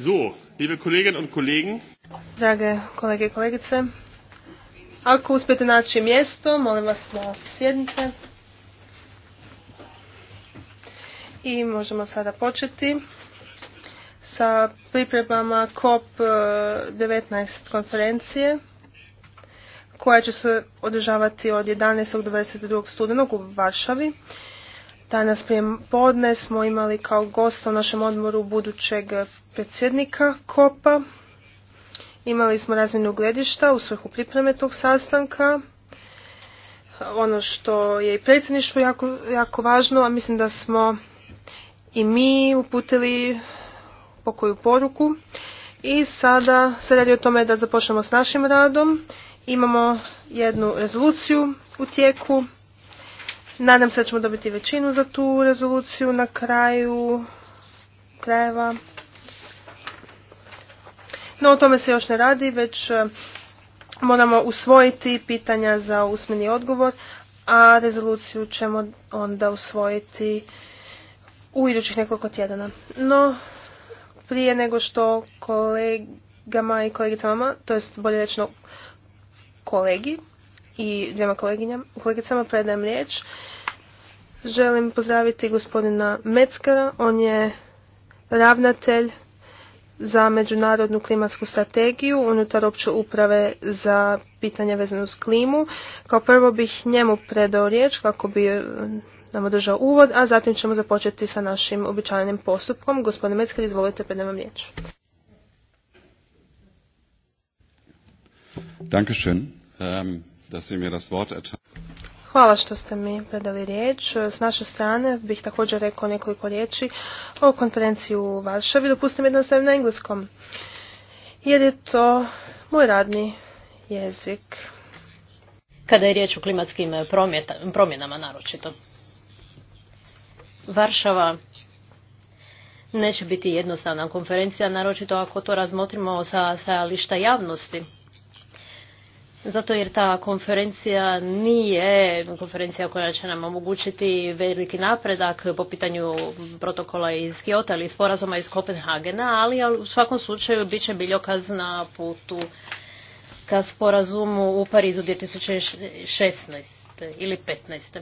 So, liebe Kolleginnen und Kollegen. Drage kolege i kolegice, ako uspijete naći mjesto, molim vas da sjednite. I možemo sada početi sa pripremama COP19 konferencije koja će se održavati od 11. do 22. studenog u Varšavi. Danas prije podne smo imali kao gosta u našem odmoru budućeg predsjednika Kopa. Imali smo razminu gledišta u svrhu pripreme tog sastanka. Ono što je i predsjedništvo jako, jako važno, a mislim da smo i mi uputili pokoju poruku. I sada se radi o tome da započnemo s našim radom. Imamo jednu rezoluciju u tijeku Nadam se da ćemo dobiti većinu za tu rezoluciju na kraju krajeva. No o tome se još ne radi, već e, moramo usvojiti pitanja za usmeni odgovor, a rezoluciju ćemo onda usvojiti u idućih nekoliko tjedana. No, prije nego što kolegama i kolegicama, to jest bolje rečeno kolegi, i dvijema kolegicama predajem riječ. Želim pozdraviti gospodina Meckara, on je ravnatelj za međunarodnu klimatsku strategiju unutar opće uprave za pitanje vezano uz klimu. Kao prvo bih njemu predao riječ kako bi e, nam održao uvod, a zatim ćemo započeti sa našim običajnim postupkom. Gospodine Meckar, izvolite, predajem vam riječ. Dankeschön. Ähm, da Hvala što ste mi predali riječ. S naše strane bih također rekao nekoliko riječi o konferenciji u Varšavi. Dopustim jednostavno na engleskom. Jer je to moj radni jezik. Kada je riječ o klimatskim promjenama naročito. Varšava neće biti jednostavna konferencija, naročito ako to razmotrimo sa lišta javnosti zato jer ta konferencija nije konferencija koja će nam omogućiti veliki napredak po pitanju protokola iz Kiota ili sporazuma iz Kopenhagena, ali u svakom slučaju bit će biljokaz na putu ka sporazumu u Parizu 2016. ili 15.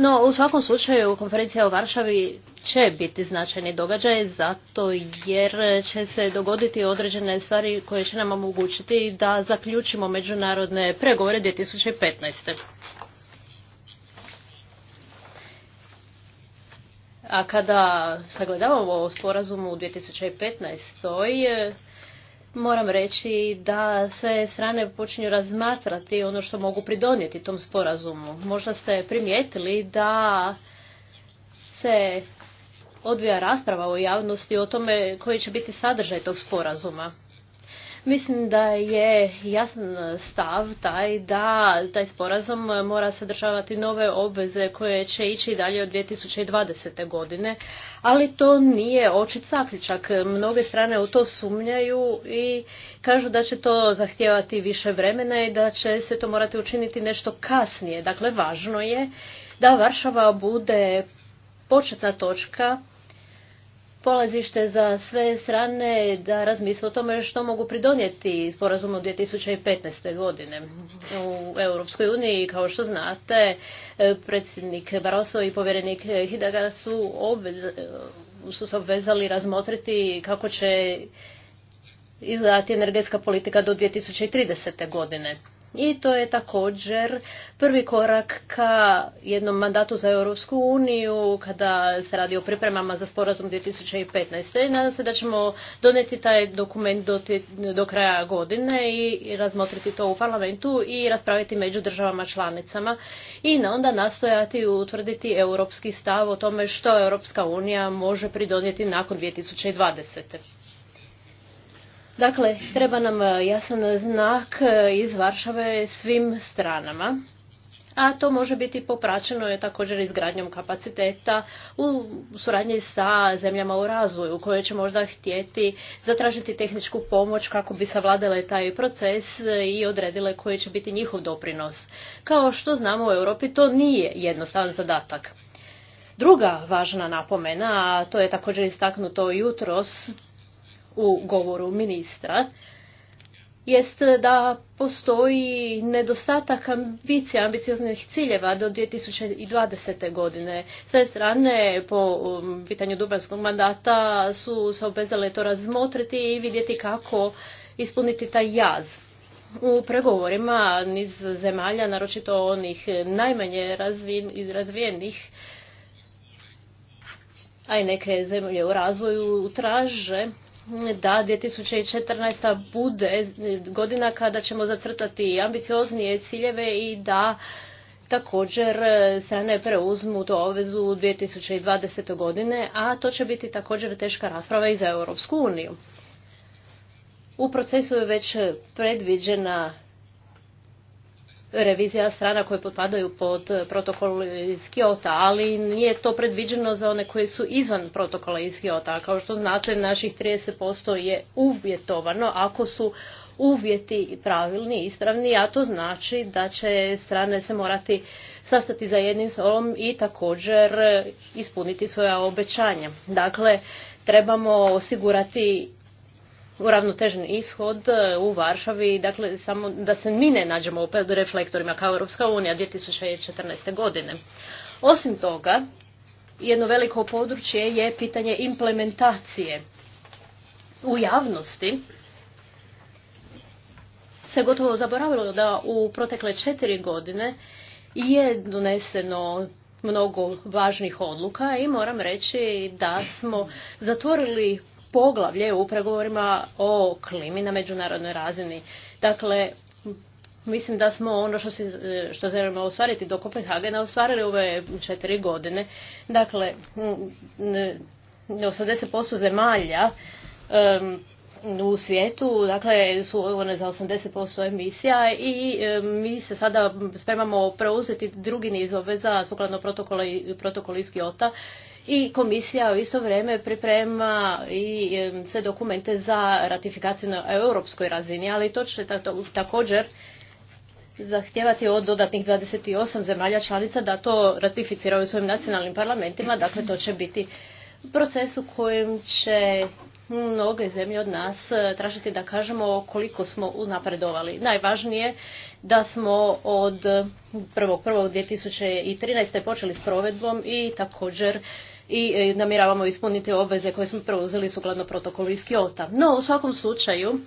No, u svakom slučaju konferencija u Varšavi će biti značajni događaj zato jer će se dogoditi određene stvari koje će nam omogućiti da zaključimo međunarodne pregovore 2015. A kada sagledavamo sporazum u 2015 moram reći da sve strane počinju razmatrati ono što mogu pridonijeti tom sporazumu. Možda ste primijetili da se odvija rasprava u javnosti o tome koji će biti sadržaj tog sporazuma. Mislim da je jasan stav taj da taj sporazum mora sadržavati nove obveze koje će ići dalje od 2020. godine, ali to nije očit zaključak. Mnoge strane u to sumnjaju i kažu da će to zahtijevati više vremena i da će se to morati učiniti nešto kasnije. Dakle, važno je da Varšava bude početna točka polazište za sve strane da razmisle o tome što mogu pridonijeti sporazumu 2015. godine. U Europskoj uniji, kao što znate, predsjednik Barroso i povjerenik Hidaga su, su se obvezali razmotriti kako će izgledati energetska politika do 2030. godine. I to je također prvi korak ka jednom mandatu za Europsku uniju kada se radi o pripremama za sporazum 2015. I nadam se da ćemo donijeti taj dokument do, do kraja godine i razmotriti to u parlamentu i raspraviti među državama članicama i na onda nastojati utvrditi europski stav o tome što Europska unija može pridonijeti nakon 2020. Dakle, treba nam e, jasan znak e, iz Varšave svim stranama, a to može biti popraćeno je također izgradnjom kapaciteta u suradnji sa zemljama u razvoju koje će možda htjeti zatražiti tehničku pomoć kako bi savladale taj proces e, i odredile koji će biti njihov doprinos. Kao što znamo u Europi to nije jednostavan zadatak. Druga važna napomena, a to je također istaknuto jutros, u govoru ministra jest da postoji nedostatak ambicija, ambicioznih ciljeva do 2020. godine. S te strane, po um, pitanju dubanskog mandata, su se obvezale to razmotriti i vidjeti kako ispuniti taj jaz. U pregovorima niz zemalja, naročito onih najmanje razvijenih, a i neke zemlje u razvoju traže da 2014. bude godina kada ćemo zacrtati ambicioznije ciljeve i da također ne preuzmu to obvezu 2020. godine, a to će biti također teška rasprava i za Europsku uniju. U procesu je već predviđena revizija strana koje potpadaju pod protokol iz Kiota, ali nije to predviđeno za one koje su izvan protokola iz Kiota. Kao što znate, naših 30% je uvjetovano ako su uvjeti pravilni, i ispravni, a to znači da će strane se morati sastati za jednim solom i također ispuniti svoja obećanja. Dakle, trebamo osigurati uravnotežen ishod e, u Varšavi, dakle samo da se mi ne nađemo opet u reflektorima kao Europska unija 2014. godine. Osim toga, jedno veliko područje je pitanje implementacije. U javnosti se gotovo zaboravilo da u protekle četiri godine je doneseno mnogo važnih odluka i moram reći da smo zatvorili poglavlje u pregovorima o klimi na međunarodnoj razini. Dakle, mislim da smo ono što, si, e, što želimo ostvariti do Kopenhagena ostvarili ove četiri godine. Dakle, 80% zemalja u svijetu, dakle su odgovorne za 80% emisija i e, mi se sada spremamo preuzeti drugi niz obveza sukladno protokola i iz i komisija u isto vrijeme priprema i sve dokumente za ratifikaciju na europskoj razini, ali to će također zahtijevati od dodatnih 28 zemalja članica da to ratificiraju u svojim nacionalnim parlamentima, dakle to će biti proces u kojem će mnoge zemlje od nas eh, tražiti da kažemo koliko smo unapredovali. Najvažnije da smo od 1.1.2013. počeli s provedbom i također i e, namjeravamo ispuniti obveze koje smo preuzeli sukladno protokolu iz Kiota. No, u svakom slučaju,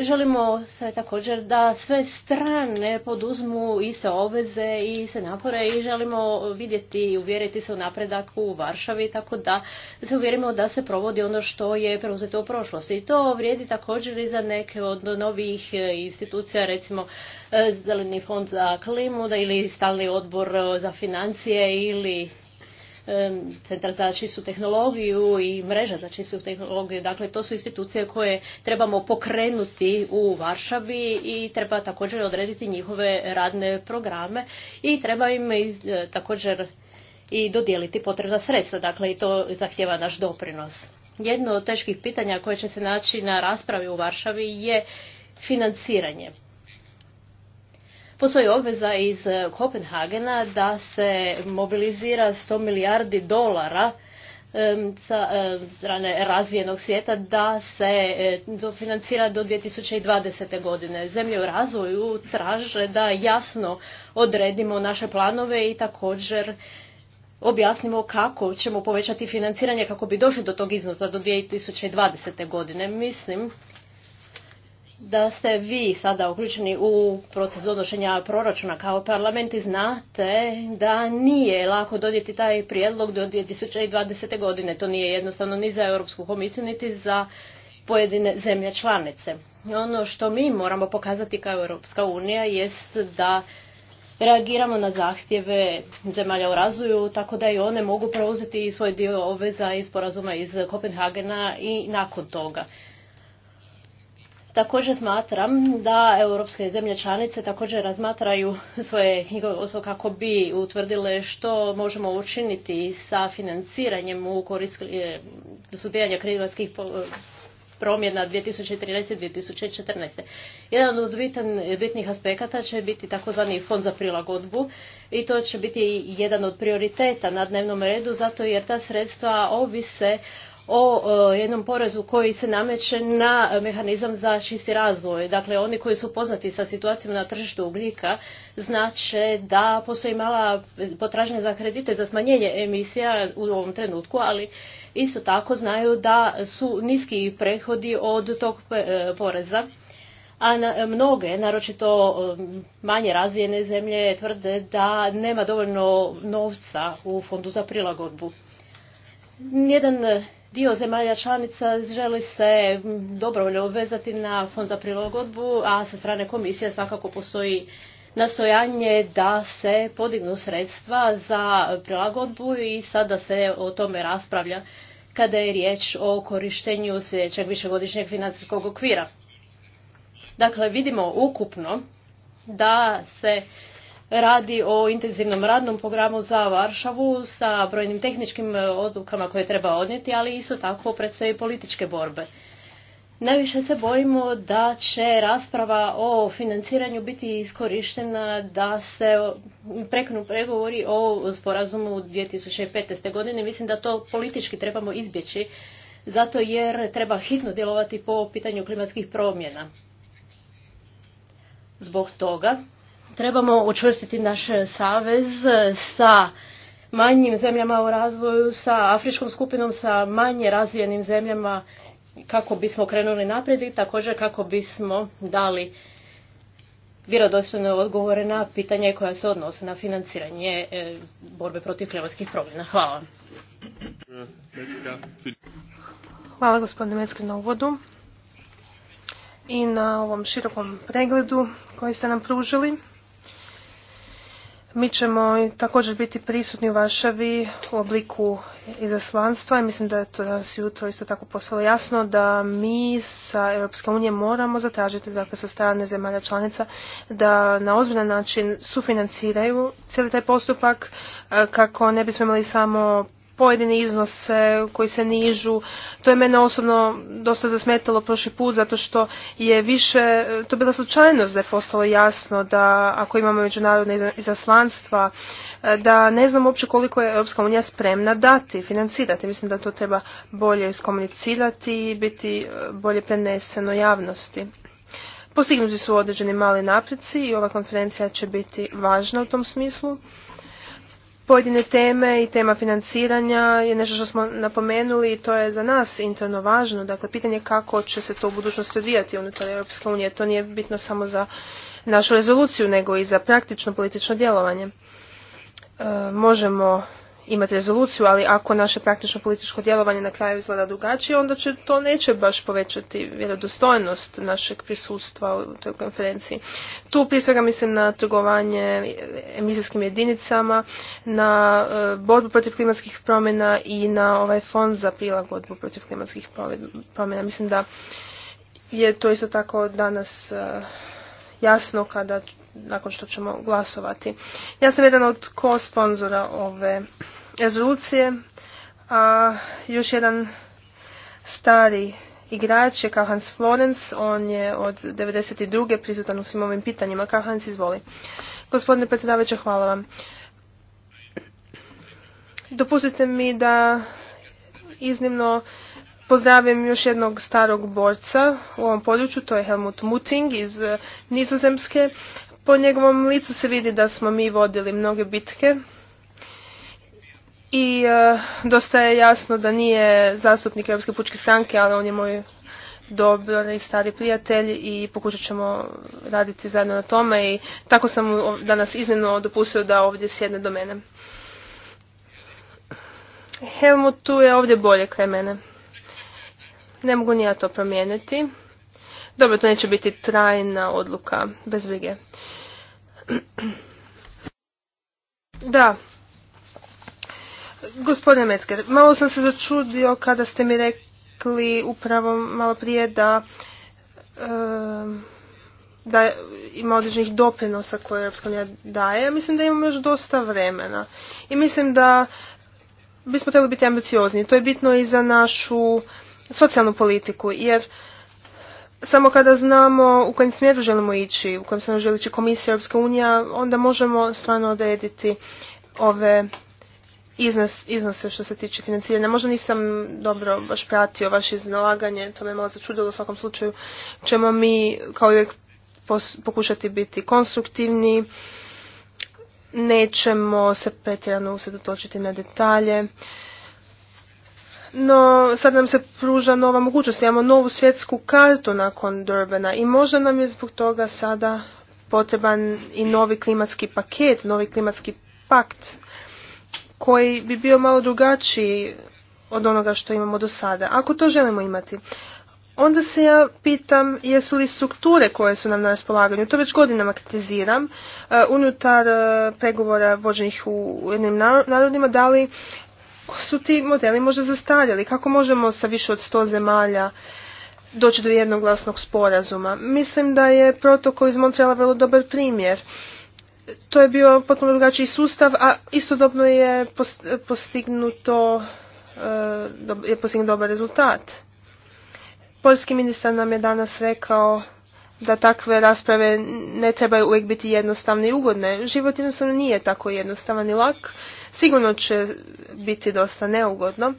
Želimo se također da sve strane poduzmu i se obveze i se napore i želimo vidjeti i uvjeriti se u napredak u Varšavi tako da se uvjerimo da se provodi ono što je preuzeto u prošlosti. I to vrijedi također i za neke od novih e, institucija, recimo e, Zeleni fond za klimu da ili Stalni odbor za financije ili centar za čistu tehnologiju i mreža za čistu tehnologiju. Dakle, to su institucije koje trebamo pokrenuti u Varšavi i treba također odrediti njihove radne programe i treba im e, također i dodijeliti potrebna sredstva. Dakle, i to zahtjeva naš doprinos. Jedno od teških pitanja koje će se naći na raspravi u Varšavi je financiranje. Postoji obveza iz e, Kopenhagena da se mobilizira 100 milijardi dolara e, sa e, strane razvijenog svijeta da se financira do 2020. godine. Zemlje u razvoju traže da jasno odredimo naše planove i također objasnimo kako ćemo povećati financiranje kako bi došli do tog iznosa do 2020. godine. Mislim da ste vi sada uključeni u proces donošenja proračuna kao parlament i znate da nije lako donijeti taj prijedlog do 2020. godine. To nije jednostavno ni za Europsku komisiju niti za pojedine zemlje članice. Ono što mi moramo pokazati kao Europska unija jest da reagiramo na zahtjeve zemalja u razvoju tako da i one mogu preuzeti svoj dio obveza iz sporazuma iz Kopenhagena i nakon toga. Također smatram da europske zemlje članice također razmatraju svoje knjigovodstvo kako bi utvrdile što možemo učiniti sa financiranjem u korist e, suzbijanja klimatskih promjena 2013-2014. Jedan od bitnih aspekata će biti takozvani fond za prilagodbu i to će biti jedan od prioriteta na dnevnom redu zato jer ta sredstva ovise o e, jednom porezu koji se nameće na mehanizam za čisti razvoj. Dakle, oni koji su poznati sa situacijom na tržištu ugljika znače da postoji mala potražnja za kredite za smanjenje emisija u ovom trenutku, ali isto tako znaju da su niski prehodi od tog e, poreza. A mnoge, naročito e, manje razvijene zemlje, tvrde da nema dovoljno novca u fondu za prilagodbu. Nijedan Dio zemalja članica želi se dobrovoljno obvezati na fond za prilagodbu, a sa strane komisije svakako postoji nastojanje da se podignu sredstva za prilagodbu i sada se o tome raspravlja kada je riječ o korištenju sljedećeg višegodišnjeg financijskog okvira. Dakle, vidimo ukupno da se radi o intenzivnom radnom programu za Varšavu sa brojnim tehničkim e, odlukama koje treba odnijeti, ali isto tako predstoje i političke borbe. Najviše se bojimo da će rasprava o financiranju biti iskorištena da se preknu pregovori o sporazumu 2015. godine. Mislim da to politički trebamo izbjeći zato jer treba hitno djelovati po pitanju klimatskih promjena. Zbog toga trebamo učvrstiti naš savez sa manjim zemljama u razvoju, sa afričkom skupinom, sa manje razvijenim zemljama kako bismo krenuli naprijed i također kako bismo dali vjerodostojne odgovore na pitanje koja se odnose na financiranje e, borbe protiv klimatskih promjena. Hvala. Hvala gospodine Metske na uvodu i na ovom širokom pregledu koji ste nam pružili. Mi ćemo također biti prisutni u Varšavi u obliku izaslanstva i mislim da je to danas jutro isto tako poslalo jasno da mi sa Europske unije moramo zatražiti dakle, sa strane zemalja članica da na ozbiljan način sufinanciraju cijeli taj postupak e, kako ne bismo imali samo pojedine iznose koji se nižu. To je mene osobno dosta zasmetalo prošli put zato što je više, to je bila slučajnost da je postalo jasno da ako imamo međunarodne izaslanstva, da ne znam uopće koliko je Europska unija spremna dati, financirati. Mislim da to treba bolje iskomunicirati i biti e, bolje preneseno javnosti. Postignuti su određeni mali napreci i ova konferencija će biti važna u tom smislu. Pojedine teme i tema financiranja je nešto što smo napomenuli i to je za nas interno važno. Dakle, pitanje kako će se to u budućnosti odvijati unutar Europske unije. To nije bitno samo za našu rezoluciju, nego i za praktično politično djelovanje. E, možemo imati rezoluciju, ali ako naše praktično političko djelovanje na kraju izgleda drugačije, onda će to neće baš povećati vjerodostojnost našeg prisustva u toj konferenciji. Tu prije svega mislim na trgovanje emisijskim jedinicama, na e, borbu protiv klimatskih promjena i na ovaj fond za prilagodbu protiv klimatskih promjena. Mislim da je to isto tako danas e, jasno kada nakon što ćemo glasovati. Ja sam jedan od ko-sponzora ove rezolucije, a još jedan stari igrač je Kahans Florence, on je od 92. prisutan u svim ovim pitanjima. Kahans, izvoli. Gospodine predsjedavajuće, hvala vam. Dopustite mi da iznimno pozdravim još jednog starog borca u ovom području, to je Helmut Muting iz Nizozemske. Po njegovom licu se vidi da smo mi vodili mnoge bitke i e, dosta je jasno da nije zastupnik Europske pučke stranke, ali on je moj dobar i stari prijatelj i pokušat ćemo raditi zajedno na tome i tako sam danas iznimno dopustio da ovdje sjedne do mene. tu je ovdje bolje kraj mene. Ne mogu ni ja to promijeniti. Dobro, to neće biti trajna odluka, bez brige. Da, gospodine Metzger, malo sam se začudio kada ste mi rekli upravo malo prije da da ima određenih doprinosa koje Europska unija daje. Mislim da imamo još dosta vremena. I mislim da bismo trebali biti ambiciozni. To je bitno i za našu socijalnu politiku, jer samo kada znamo u kojem smjeru želimo ići, u kojem smjeru želi ići Komisija Europska unija, onda možemo stvarno odrediti ove iznos, iznose što se tiče financiranja. Možda nisam dobro baš pratio vaše iznalaganje, to me malo začudilo. U svakom slučaju ćemo mi kao uvijek pokušati biti konstruktivni, nećemo se pretjerano usredotočiti na detalje. No, sad nam se pruža nova mogućnost. Imamo novu svjetsku kartu nakon Durbana i možda nam je zbog toga sada potreban i novi klimatski paket, novi klimatski pakt koji bi bio malo drugačiji od onoga što imamo do sada. Ako to želimo imati, onda se ja pitam jesu li strukture koje su nam na raspolaganju, to već godinama kritiziram, e, unutar e, pregovora vođenih u jednim narodima, da li su ti modeli možda zastarjeli? Kako možemo sa više od sto zemalja doći do jednoglasnog sporazuma? Mislim da je protokol iz Montreala vrlo dobar primjer. To je bio potpuno drugačiji sustav, a istodobno je postignuto eh, je postignut dobar rezultat. Poljski ministar nam je danas rekao da takve rasprave ne trebaju uvijek biti jednostavne i ugodne. Život jednostavno nije tako jednostavan i lak. Sigurno će biti dosta neugodno.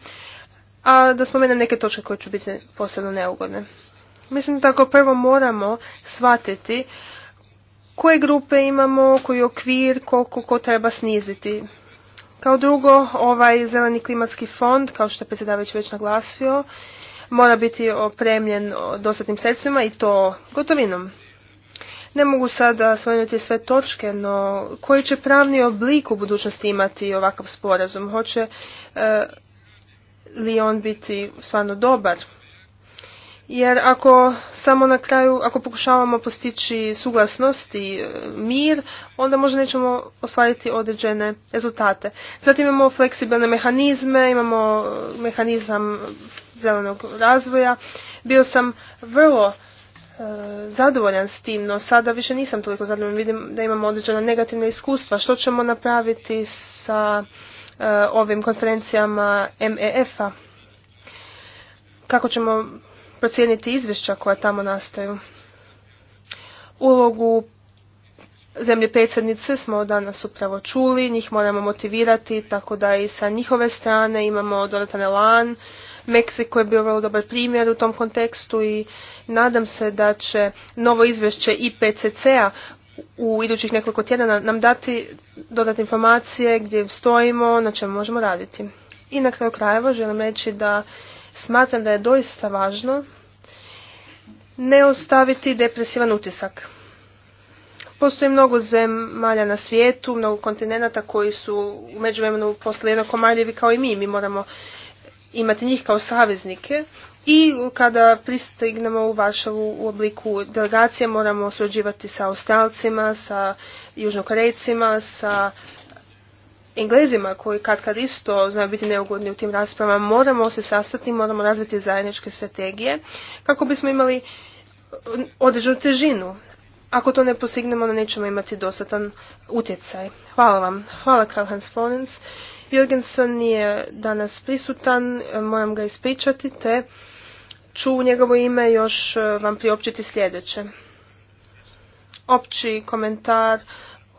A da spomenem neke točke koje će biti posebno neugodne. Mislim da tako prvo moramo shvatiti koje grupe imamo, koji okvir, koliko ko treba sniziti. Kao drugo, ovaj zeleni klimatski fond, kao što je predsjedavajući već naglasio, mora biti opremljen dostatnim sredstvima i to gotovinom. Ne mogu sada svojnuti sve točke, no koji će pravni oblik u budućnosti imati ovakav sporazum? Hoće eh, li on biti stvarno dobar? Jer ako samo na kraju, ako pokušavamo postići suglasnost i e, mir, onda možda nećemo ostvariti određene rezultate. Zatim imamo fleksibilne mehanizme, imamo e, mehanizam zelenog razvoja. Bio sam vrlo e, zadovoljan s tim, no sada više nisam toliko zadovoljan. Vidim da imamo određena negativna iskustva. Što ćemo napraviti sa ovim konferencijama MEF-a? Kako ćemo procijeniti izvješća koja tamo nastaju. Ulogu zemlje predsjednice smo danas upravo čuli, njih moramo motivirati, tako da i sa njihove strane imamo dodatan LAN. Meksiko je bio vrlo dobar primjer u tom kontekstu i nadam se da će novo izvješće IPCC-a u idućih nekoliko tjedana nam dati dodatne informacije gdje stojimo, na čemu možemo raditi. I na kraju krajeva želim reći da Smatram da je doista važno ne ostaviti depresivan utisak. Postoji mnogo zemalja na svijetu, mnogo kontinenata koji su u međuvremenu postali jednako kao i mi. Mi moramo imati njih kao saveznike i kada pristignemo u Varšavu u obliku delegacije moramo surađivati sa Australcima, sa Južnokorejcima, sa Englezima koji kad kad isto znaju biti neugodni u tim raspravama moramo se sastati, moramo razviti zajedničke strategije kako bismo imali određenu težinu. Ako to ne postignemo, nećemo imati dostatan utjecaj. Hvala vam. Hvala Karl-Hans Florence. Jürgenson nije danas prisutan, moram ga ispričati, te ću u njegovo ime još eh, vam priopćiti sljedeće. Opći komentar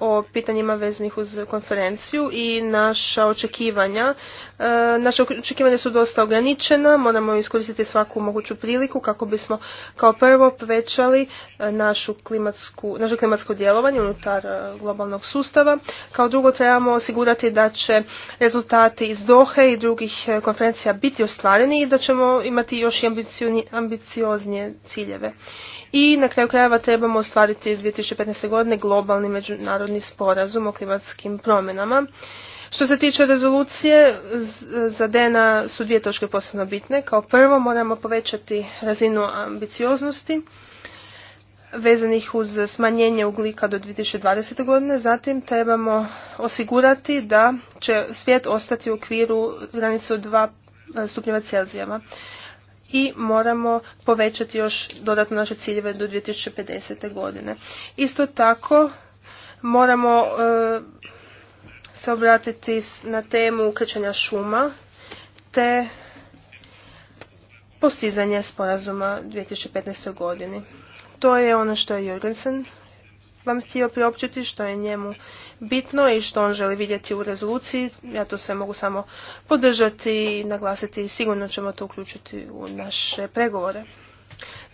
o pitanjima veznih uz konferenciju i naša očekivanja. E, naša očekivanja su dosta ograničena, moramo iskoristiti svaku moguću priliku kako bismo kao prvo povećali e, našu klimatsku, naše klimatsko djelovanje unutar e, globalnog sustava. Kao drugo trebamo osigurati da će rezultati iz Dohe i drugih konferencija biti ostvareni i da ćemo imati još ambicioznije ciljeve. I na kraju krajeva trebamo ostvariti 2015. godine globalni međunarodni sporazum o klimatskim promjenama. Što se tiče rezolucije, za DNA su dvije točke posebno bitne. Kao prvo moramo povećati razinu ambicioznosti vezanih uz smanjenje uglika do 2020. godine. Zatim trebamo osigurati da će svijet ostati u okviru granice od 2 e, stupnjeva i moramo povećati još dodatno naše ciljeve do 2050. godine. Isto tako moramo e, se obratiti na temu ukrčenja šuma te postizanje sporazuma 2015. godini. To je ono što je Jorgensen vam htio priopćiti, što je njemu bitno i što on želi vidjeti u rezoluciji. Ja to sve mogu samo podržati i naglasiti i sigurno ćemo to uključiti u naše pregovore.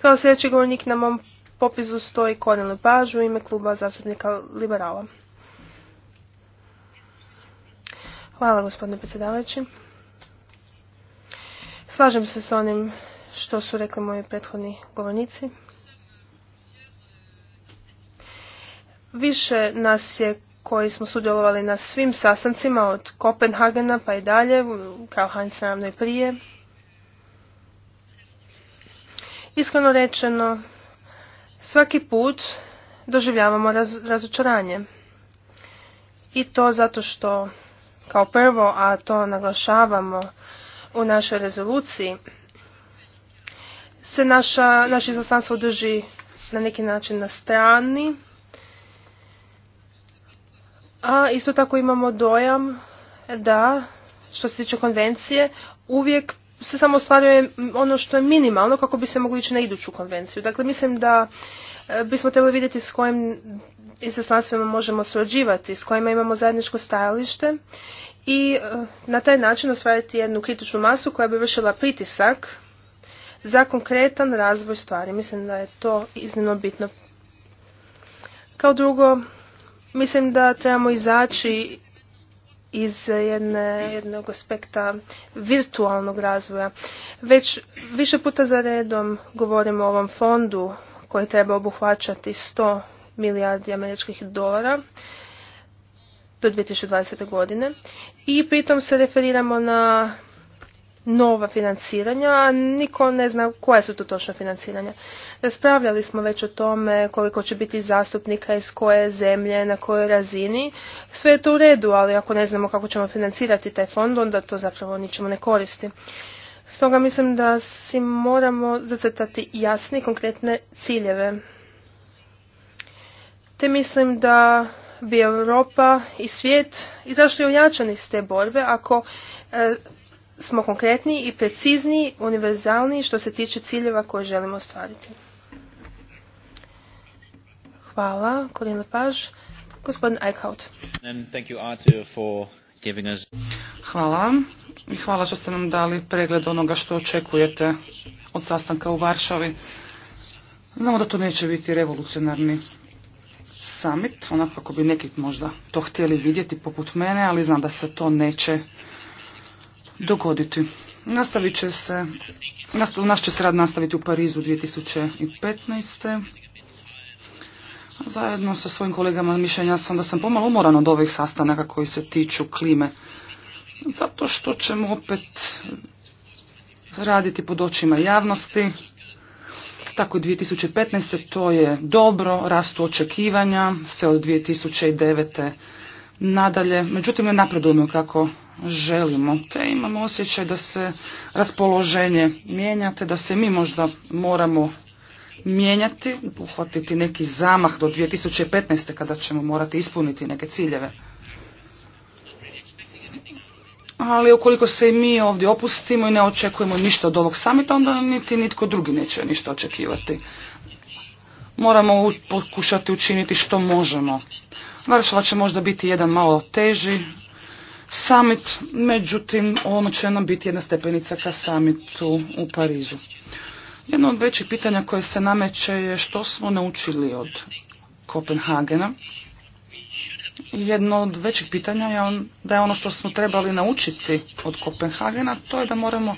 Kao sljedeći govornik na mom popisu stoji Koren Paž u ime kluba zastupnika Liberala. Hvala gospodine predsjedavajući. Slažem se s onim što su rekli moji prethodni govornici. Više nas je koji smo sudjelovali na svim sastancima od Kopenhagena pa i dalje, kao Heinz naravno i prije. Iskreno rečeno, svaki put doživljavamo razočaranje. I to zato što, kao prvo, a to naglašavamo u našoj rezoluciji, se naša, naše izaslanstvo drži na neki način na strani, a isto tako imamo dojam da, što se tiče konvencije, uvijek se samo ostvaruje ono što je minimalno kako bi se mogli ići na iduću konvenciju. Dakle, mislim da e, bismo trebali vidjeti s kojim izaslanstvima možemo surađivati, s kojima imamo zajedničko stajalište i e, na taj način osvajati jednu kritičnu masu koja bi vršila pritisak za konkretan razvoj stvari. Mislim da je to iznimno bitno. Kao drugo, Mislim da trebamo izaći iz jedne, jednog aspekta virtualnog razvoja. Već više puta za redom govorimo o ovom fondu koji treba obuhvaćati 100 milijardi američkih dolara do 2020. godine i pritom se referiramo na nova financiranja, a niko ne zna koja su to točno financiranja. Raspravljali smo već o tome koliko će biti zastupnika iz koje zemlje, na kojoj razini. Sve je to u redu, ali ako ne znamo kako ćemo financirati taj fond, onda to zapravo ničemu ne koristi. Stoga mislim da si moramo zacrtati jasne i konkretne ciljeve. Te mislim da bi Europa i svijet izašli ojačani iz te borbe ako e, smo konkretniji i precizniji, univerzalniji što se tiče ciljeva koje želimo ostvariti. Hvala, Korin Lepaž. Gospodin Eichhout. Hvala. I hvala što ste nam dali pregled onoga što očekujete od sastanka u Varšavi. Znamo da to neće biti revolucionarni summit, onako kako bi neki možda to htjeli vidjeti poput mene, ali znam da se to neće dogoditi. Nastavit će se, nastav, naš će se rad nastaviti u Parizu 2015. Zajedno sa svojim kolegama mišljenja sam da sam pomalo umoran od ovih sastanaka koji se tiču klime. Zato što ćemo opet raditi pod očima javnosti. Tako 2015. to je dobro, rastu očekivanja, se od 2009 nadalje. Međutim, ne napredujemo kako želimo. Te imamo osjećaj da se raspoloženje mijenja, te da se mi možda moramo mijenjati, uhvatiti neki zamah do 2015. kada ćemo morati ispuniti neke ciljeve. Ali ukoliko se i mi ovdje opustimo i ne očekujemo ništa od ovog samita, onda niti nitko drugi neće ništa očekivati. Moramo pokušati učiniti što možemo Varšava će možda biti jedan malo teži summit, međutim ono će nam biti jedna stepenica ka summitu u Parizu. Jedno od većih pitanja koje se nameće je što smo naučili od Kopenhagena. Jedno od većih pitanja je on, da je ono što smo trebali naučiti od Kopenhagena, to je da moramo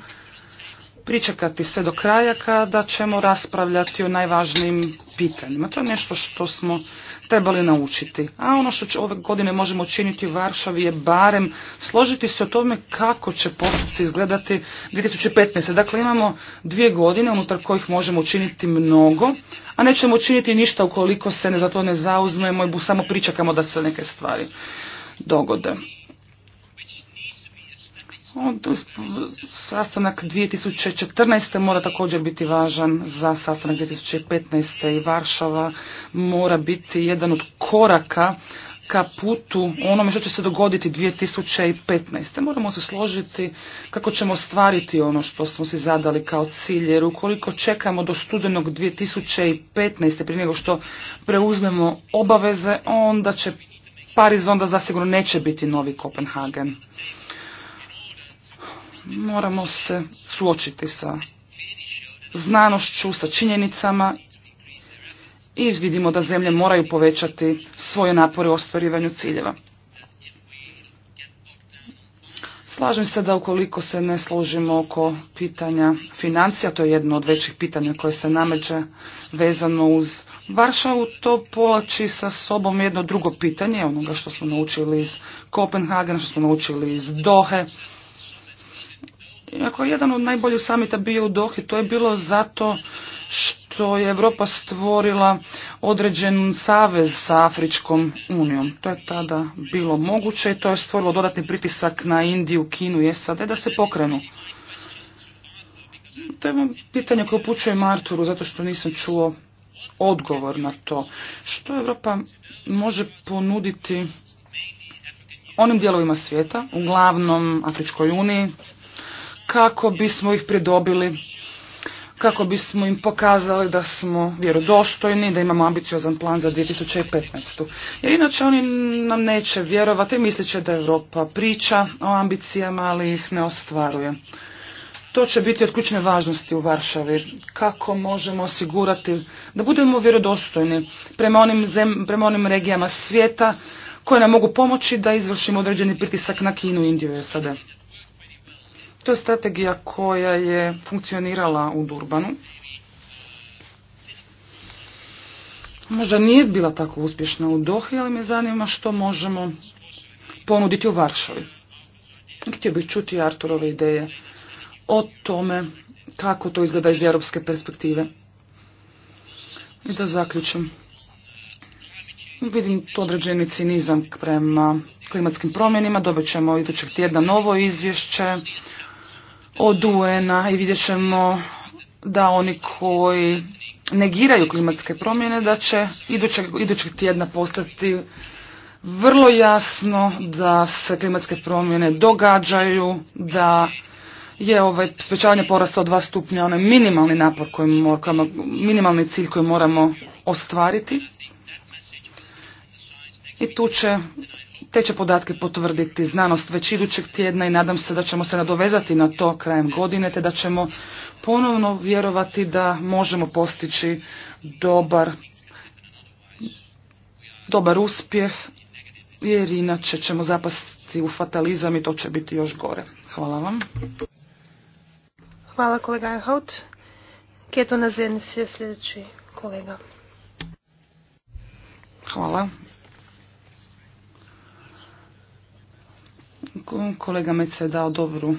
pričekati sve do kraja kada ćemo raspravljati o najvažnijim pitanjima. To je nešto što smo trebali naučiti. A ono što će ove godine možemo učiniti u Varšavi je barem složiti se o tome kako će postupci izgledati 2015. Dakle, imamo dvije godine unutar kojih možemo učiniti mnogo, a nećemo učiniti ništa ukoliko se ne za to ne zauzmemo i samo pričakamo da se neke stvari dogode. Sastanak 2014. mora također biti važan za sastanak 2015. i Varšava mora biti jedan od koraka ka putu onome što će se dogoditi 2015. Moramo se složiti kako ćemo ostvariti ono što smo si zadali kao cilj, jer ukoliko čekamo do studenog 2015. prije nego što preuzmemo obaveze, onda će Pariz onda zasigurno neće biti novi Kopenhagen moramo se suočiti sa znanošću, sa činjenicama i vidimo da zemlje moraju povećati svoje napore u ostvarivanju ciljeva. Slažem se da ukoliko se ne složimo oko pitanja financija, to je jedno od većih pitanja koje se nameće vezano uz Varšavu, to polači sa sobom jedno drugo pitanje, onoga što smo naučili iz Kopenhagena, što smo naučili iz Dohe, iako je jedan od najboljih samita bio u Dohi, to je bilo zato što je Europa stvorila određen savez sa Afričkom unijom. To je tada bilo moguće i to je stvorilo dodatni pritisak na Indiju, Kinu i SAD da se pokrenu. To je pitanje koje upućujem Marturu zato što nisam čuo odgovor na to. Što Europa može ponuditi onim dijelovima svijeta, uglavnom Afričkoj uniji, kako bismo ih pridobili, kako bismo im pokazali da smo vjerodostojni, da imamo ambiciozan plan za 2015. Jer inače oni nam neće vjerovati, mislit će da Europa priča o ambicijama, ali ih ne ostvaruje. To će biti od ključne važnosti u Varšavi. Kako možemo osigurati da budemo vjerodostojni prema onim, zem, prema onim regijama svijeta koje nam mogu pomoći da izvršimo određeni pritisak na Kinu, Indiju i SAD. To je strategija koja je funkcionirala u Durbanu. Možda nije bila tako uspješna u Dohi, ali me zanima što možemo ponuditi u Varšavi. Htio bih čuti Arturove ideje o tome kako to izgleda iz europske perspektive. I da zaključim. Vidim određeni cinizam prema klimatskim promjenima. Dobit ćemo idućeg tjedna novo izvješće od un i vidjet ćemo da oni koji negiraju klimatske promjene da će idućeg, idućeg tjedna postati vrlo jasno da se klimatske promjene događaju, da je ovaj sprečavanje porasta od dva stupnja onaj minimalni napor koji moramo, minimalni cilj koji moramo ostvariti. I tu će te će podatke potvrditi znanost već idućeg tjedna i nadam se da ćemo se nadovezati na to krajem godine te da ćemo ponovno vjerovati da možemo postići dobar, dobar uspjeh jer inače ćemo zapasti u fatalizam i to će biti još gore. Hvala vam. Hvala kolega Ehaut. Keto na je sljedeći kolega. Hvala. Kolega Meca je dao dobru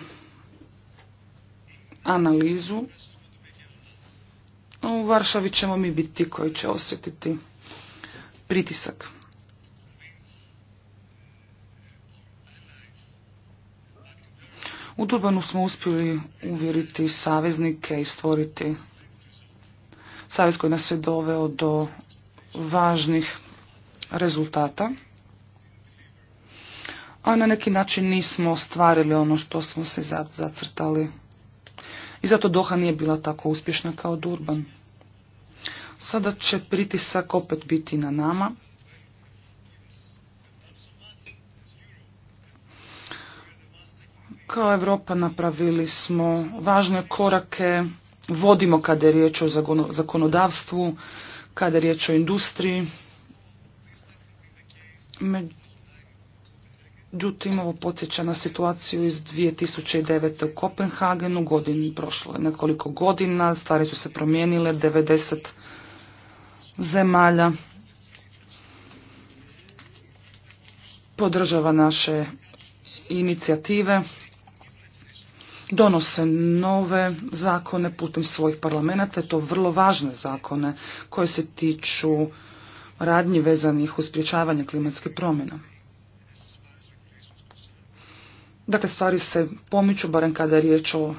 analizu. U Varšavi ćemo mi biti koji će osjetiti pritisak. U Durbanu smo uspjeli uvjeriti saveznike i stvoriti savez koji nas je doveo do važnih rezultata a na neki način nismo ostvarili ono što smo se zacrtali. I zato Doha nije bila tako uspješna kao Durban. Sada će pritisak opet biti na nama. Kao Europa napravili smo važne korake, vodimo kada je riječ o zakonodavstvu, kada je riječ o industriji. Međutim, ovo podsjeća na situaciju iz 2009. u Kopenhagenu, godini prošlo je nekoliko godina, stvari su se promijenile, 90 zemalja podržava naše inicijative, donose nove zakone putem svojih parlamenta, to vrlo važne zakone koje se tiču radnji vezanih uz sprječavanje klimatskih promjena. Dakle, stvari se pomiču, barem kada je riječ o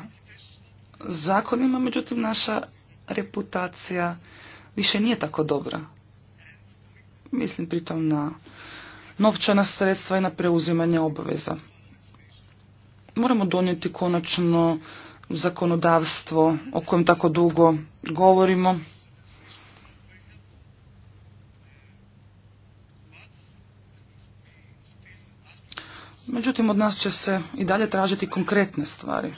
zakonima, međutim, naša reputacija više nije tako dobra. Mislim pritom na novčana sredstva i na preuzimanje obaveza. Moramo donijeti konačno zakonodavstvo o kojem tako dugo govorimo. međutim od nas će se i dalje tražiti konkretne stvari.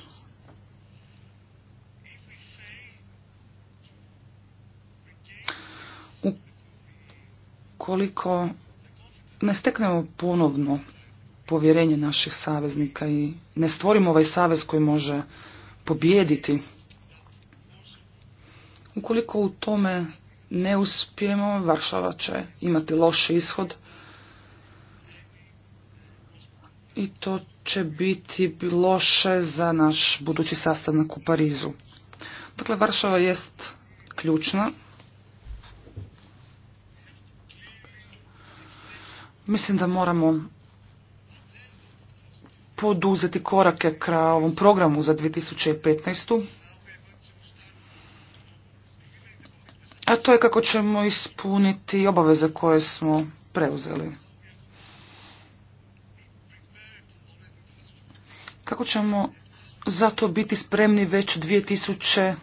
Ukoliko ne steknemo ponovno povjerenje naših saveznika i ne stvorimo ovaj savez koji može pobijediti, ukoliko u tome ne uspijemo, Varšava će imati loš ishod, i to će biti loše za naš budući sastanak u Parizu. Dakle, Varšava jest ključna. Mislim da moramo poduzeti korake ka ovom programu za 2015. A to je kako ćemo ispuniti obaveze koje smo preuzeli. kako ćemo za to biti spremni već 2014.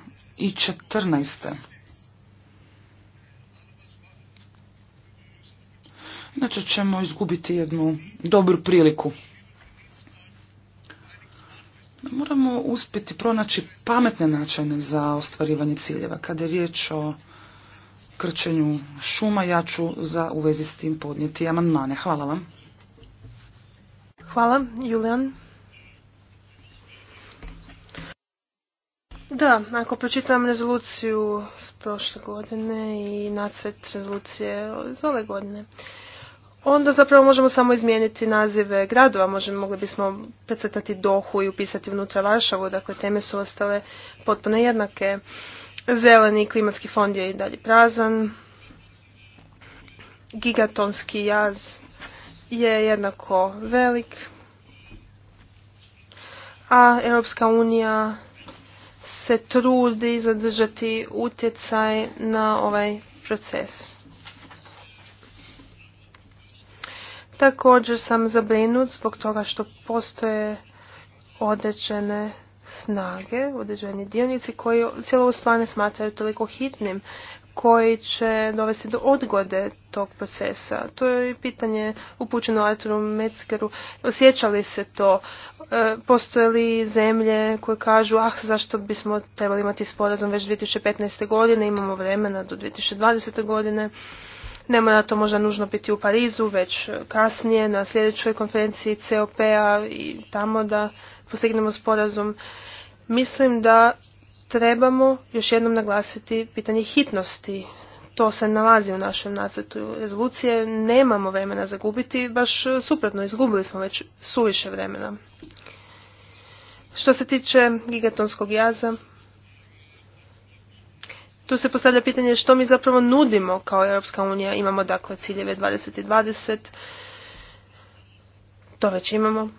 Znači ćemo izgubiti jednu dobru priliku. Moramo uspjeti pronaći pametne načine za ostvarivanje ciljeva. Kada je riječ o krčenju šuma, ja ću za u vezi s tim podnijeti amandmane. Hvala vam. Hvala, Julian. Da, ako pročitam rezoluciju s prošle godine i nacrt rezolucije iz ove godine, onda zapravo možemo samo izmijeniti nazive gradova, možemo, mogli bismo precrtati Dohu i upisati unutra Varšavu, dakle teme su ostale potpuno jednake. Zeleni klimatski fond je i dalje prazan, gigatonski jaz je jednako velik, a Europska unija se trudi zadržati utjecaj na ovaj proces. Također sam zabrinut zbog toga što postoje određene snage, određeni dionici koji cijelo stvar smatraju toliko hitnim koji će dovesti do odgode tog procesa. To je pitanje upućeno Arturu Metzgeru. Osjeća li se to? E, postoje li zemlje koje kažu ah zašto bismo trebali imati sporazum već 2015. godine, imamo vremena do 2020. godine. Ne mora to možda nužno biti u Parizu, već kasnije na sljedećoj konferenciji COP-a i tamo da postignemo sporazum. Mislim da trebamo još jednom naglasiti pitanje hitnosti. To se nalazi u našem nacrtu rezolucije. Nemamo vremena zagubiti, baš suprotno, izgubili smo već suviše vremena. Što se tiče gigatonskog jaza, tu se postavlja pitanje što mi zapravo nudimo kao Europska unija. Imamo dakle ciljeve 2020. i 20, to već imamo.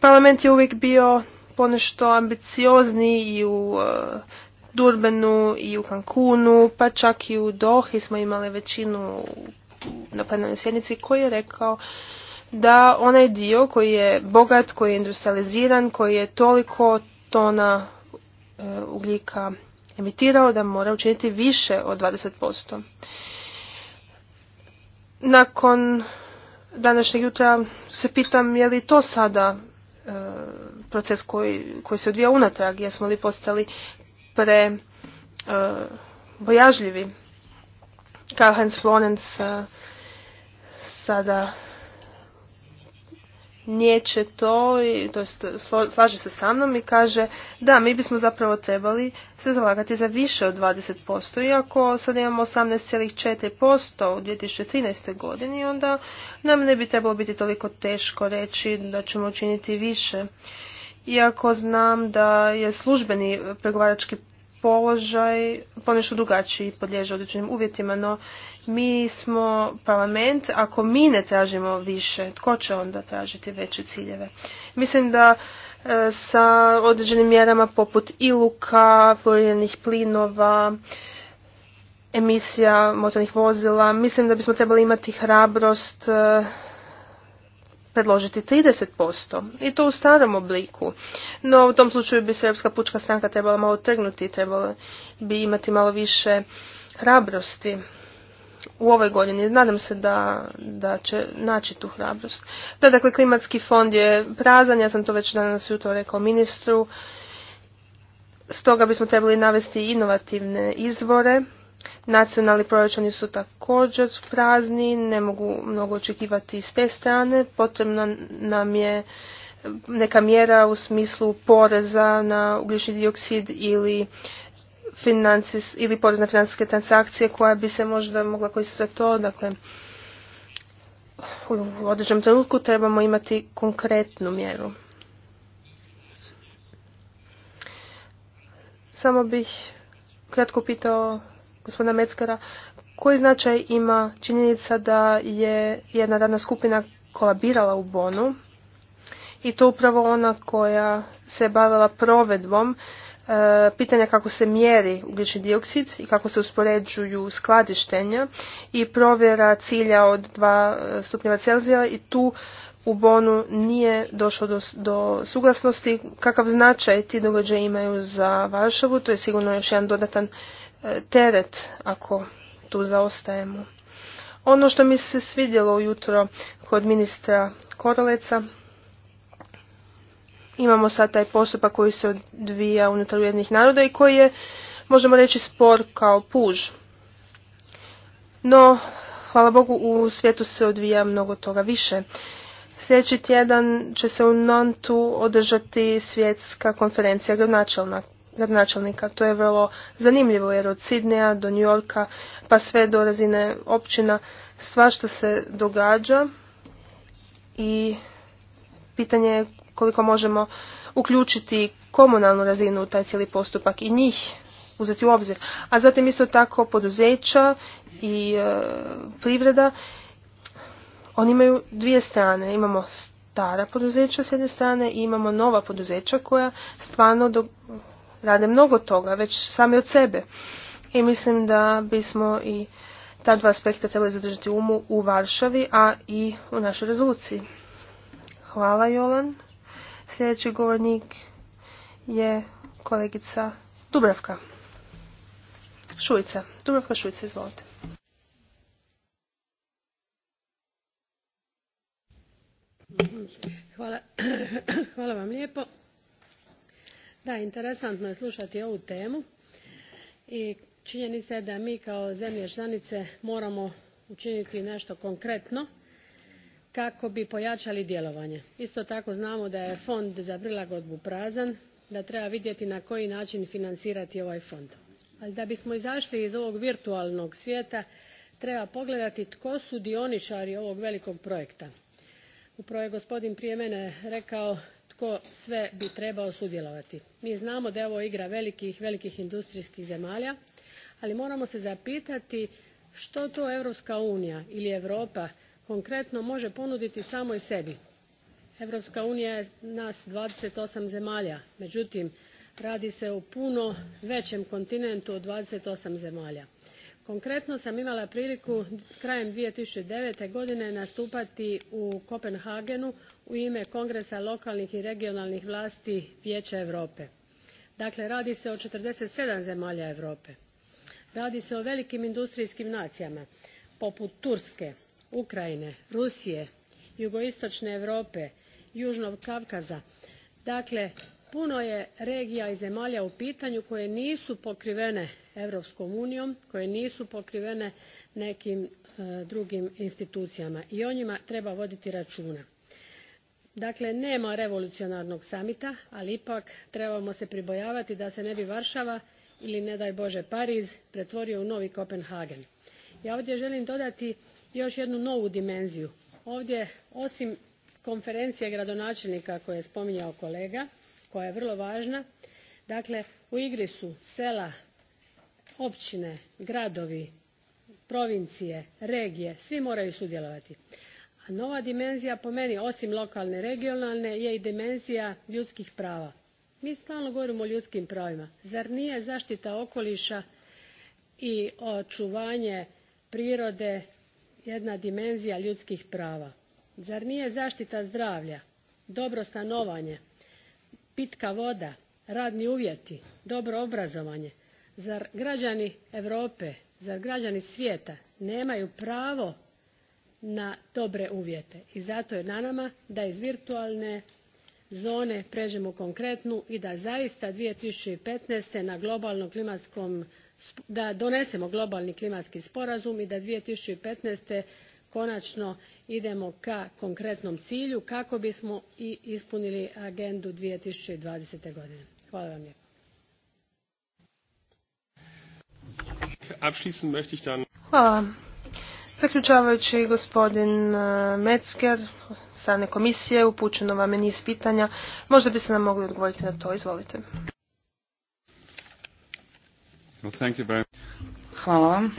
Parlament je uvijek bio ponešto ambiciozni i u uh, Durbenu i u Cancunu, pa čak i u Dohi smo imali većinu na plenarnoj sjednici koji je rekao da onaj dio koji je bogat, koji je industrializiran, koji je toliko tona uh, ugljika emitirao da mora učiniti više od 20%. Nakon današnjeg jutra se pitam je li to sada uh, proces koji, koji se odvija unatrag, jesmo li postali pre e, bojažljivi. Karl Heinz e, sada niječe to i to slaže se sa mnom i kaže da mi bismo zapravo trebali se zalagati za više od 20% iako sad imamo 18,4% u 2013. godini onda nam ne bi trebalo biti toliko teško reći da ćemo učiniti više iako znam da je službeni pregovarački položaj ponešto drugačiji podliježe određenim uvjetima, no mi smo parlament, ako mi ne tražimo više, tko će onda tražiti veće ciljeve? Mislim da e, sa određenim mjerama poput iluka, floriranih plinova, emisija motornih vozila, mislim da bismo trebali imati hrabrost e, predložiti 30% i to u starom obliku. No u tom slučaju bi se Europska pučka stranka trebala malo trgnuti, trebala bi imati malo više hrabrosti u ovoj godini. Nadam se da, da će naći tu hrabrost. Da, dakle, klimatski fond je prazan, ja sam to već danas jutro rekao ministru. Stoga bismo trebali navesti inovativne izvore Nacionalni proračuni su također prazni, ne mogu mnogo očekivati s te strane. Potrebna nam je neka mjera u smislu poreza na ugljični dioksid ili financis, ili porez na financijske transakcije koja bi se možda mogla koristiti za to. Dakle, u određenom trenutku trebamo imati konkretnu mjeru. Samo bih kratko pitao gospodina Meckara, koji značaj ima činjenica da je jedna radna skupina kolabirala u Bonu i to upravo ona koja se bavila provedbom e, pitanja kako se mjeri ugljični dioksid i kako se uspoređuju skladištenja i provjera cilja od dva e, stupnjeva Celzija i tu u Bonu nije došlo do, do suglasnosti. Kakav značaj ti događaj imaju za Varšavu, to je sigurno još jedan dodatan teret ako tu zaostajemo. Ono što mi se svidjelo ujutro kod ministra Koroleca, imamo sad taj postupak koji se odvija unutar ujednih naroda i koji je, možemo reći, spor kao puž. No, hvala Bogu, u svijetu se odvija mnogo toga više. Sljedeći tjedan će se u Nantu održati svjetska konferencija gradonačelnika gradonačelnika. To je vrlo zanimljivo jer od Sidneja do New Yorka pa sve do razine općina svašta se događa i pitanje je koliko možemo uključiti komunalnu razinu u taj cijeli postupak i njih uzeti u obzir. A zatim isto tako poduzeća i e, privreda, oni imaju dvije strane. Imamo stara poduzeća s jedne strane i imamo nova poduzeća koja stvarno rade mnogo toga, već same od sebe. I mislim da bismo i ta dva aspekta trebali zadržati umu u Varšavi, a i u našoj rezoluciji. Hvala Jolan. Sljedeći govornik je kolegica Dubravka. Šujica. Dubravka Šujica, izvolite. Hvala, Hvala vam lijepo da interesantno je slušati ovu temu i činjenica je da mi kao zemlje članice moramo učiniti nešto konkretno kako bi pojačali djelovanje. isto tako znamo da je fond za prilagodbu prazan da treba vidjeti na koji način financirati ovaj fond. ali da bismo izašli iz ovog virtualnog svijeta treba pogledati tko su dioničari ovog velikog projekta. upravo je gospodin prije mene rekao sve bi trebao sudjelovati. mi znamo da je ovo igra velikih velikih industrijskih zemalja ali moramo se zapitati što to europska unija ili europa konkretno može ponuditi samoj sebi. europska unija je nas dvadeset osam zemalja međutim radi se o puno većem kontinentu od dvadeset osam zemalja konkretno sam imala priliku krajem. two thousand and nine godine nastupati u kopenhagenu u ime kongresa lokalnih i regionalnih vlasti vijea europe. dakle radi se o forty seven zemalja europe. radi se o velikim industrijskim nacijama poput turske ukrajine rusije jugoistone europe Južnog kavkaza dakle puno je regija i zemalja u pitanju koje nisu pokrivene europskom unijom koje nisu pokrivene nekim e, drugim institucijama i o njima treba voditi računa. dakle nema revolucionarnog samita ali ipak trebamo se pribojavati da se ne bi varšava ili ne daj bože pariz pretvorio u novi kopenhagen. ja ovdje želim dodati još jednu novu dimenziju. ovdje osim konferencije gradonačelnika koju je spominjao kolega koja je vrlo važna dakle u igri su sela općine gradovi provincije regije svi moraju sudjelovati a nova dimenzija po meni osim lokalne i regionalne je i dimenzija ljudskih prava. mi stalno govorimo o ljudskim pravima zar nije zaštita okoliša i očuvanje prirode jedna dimenzija ljudskih prava? zar nije zaštita zdravlja dobro stanovanje pitka voda radni uvjeti dobro obrazovanje? zar građani Europe, zar građani svijeta nemaju pravo na dobre uvjete i zato je na nama da iz virtualne zone pređemo konkretnu i da zaista. two thousand and fifteen da donesemo globalni klimatski sporazum i da. two thousand and fifteen konačno idemo ka konkretnom cilju kako bismo i ispunili agendu. two thousand and twenty godine hvala vam Hvala. Zaključavajući gospodin eh, Metzger, strane komisije, upućeno vam je niz pitanja. Možda biste nam mogli odgovoriti na to. Izvolite. Hvala vam.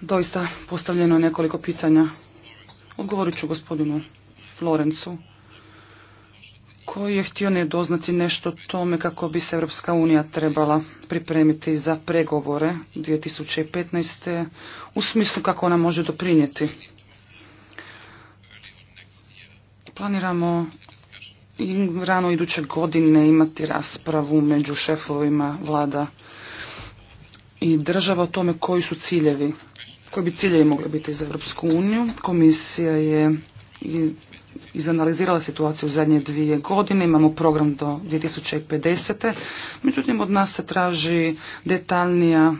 Doista postavljeno je nekoliko pitanja. Odgovorit ću gospodinu Florencu koji je htio ne doznati nešto tome kako bi se Europska unija trebala pripremiti za pregovore 2015. u smislu kako ona može doprinijeti. Planiramo i rano iduće godine imati raspravu među šefovima vlada i država o tome koji su ciljevi, koji bi ciljevi mogli biti za Europsku uniju. Komisija je izanalizirala situaciju u zadnje dvije godine, imamo program do 2050. Međutim, od nas se traži detaljnija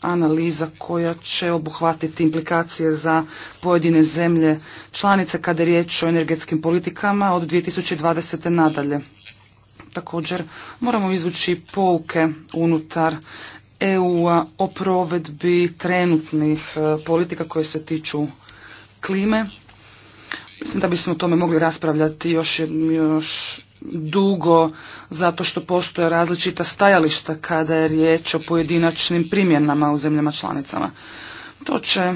analiza koja će obuhvatiti implikacije za pojedine zemlje članice kada je riječ o energetskim politikama od 2020. nadalje. Također moramo izvući pouke unutar EU-a o provedbi trenutnih e, politika koje se tiču klime Mislim da bismo o tome mogli raspravljati još, još dugo, zato što postoje različita stajališta kada je riječ o pojedinačnim primjenama u zemljama članicama. To će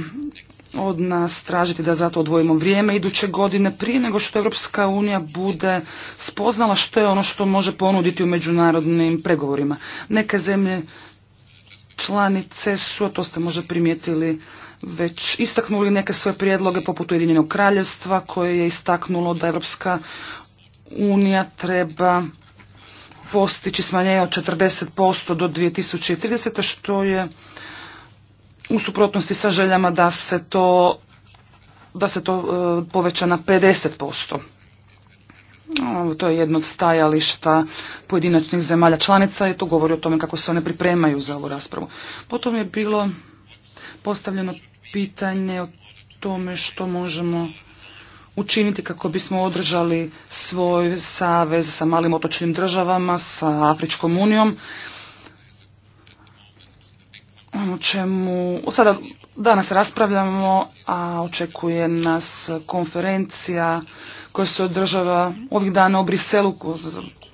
od nas tražiti da zato odvojimo vrijeme iduće godine prije nego što Europska unija bude spoznala što je ono što može ponuditi u međunarodnim pregovorima. Neke zemlje članice su, to ste možda primijetili, već istaknuli neke svoje prijedloge poput Ujedinjenog kraljevstva koje je istaknulo da Europska unija treba postići smanjenje od 40% do 2030. što je u suprotnosti sa željama da se to, da se to e, poveća na 50%. To je jedno od stajališta pojedinačnih zemalja članica i to govori o tome kako se one pripremaju za ovu raspravu. Potom je bilo postavljeno pitanje o tome što možemo učiniti kako bismo održali svoj savez sa malim otočnim državama, sa Afričkom unijom. Ono o čemu sada danas raspravljamo, a očekuje nas konferencija koja se održava ovih dana u Briselu,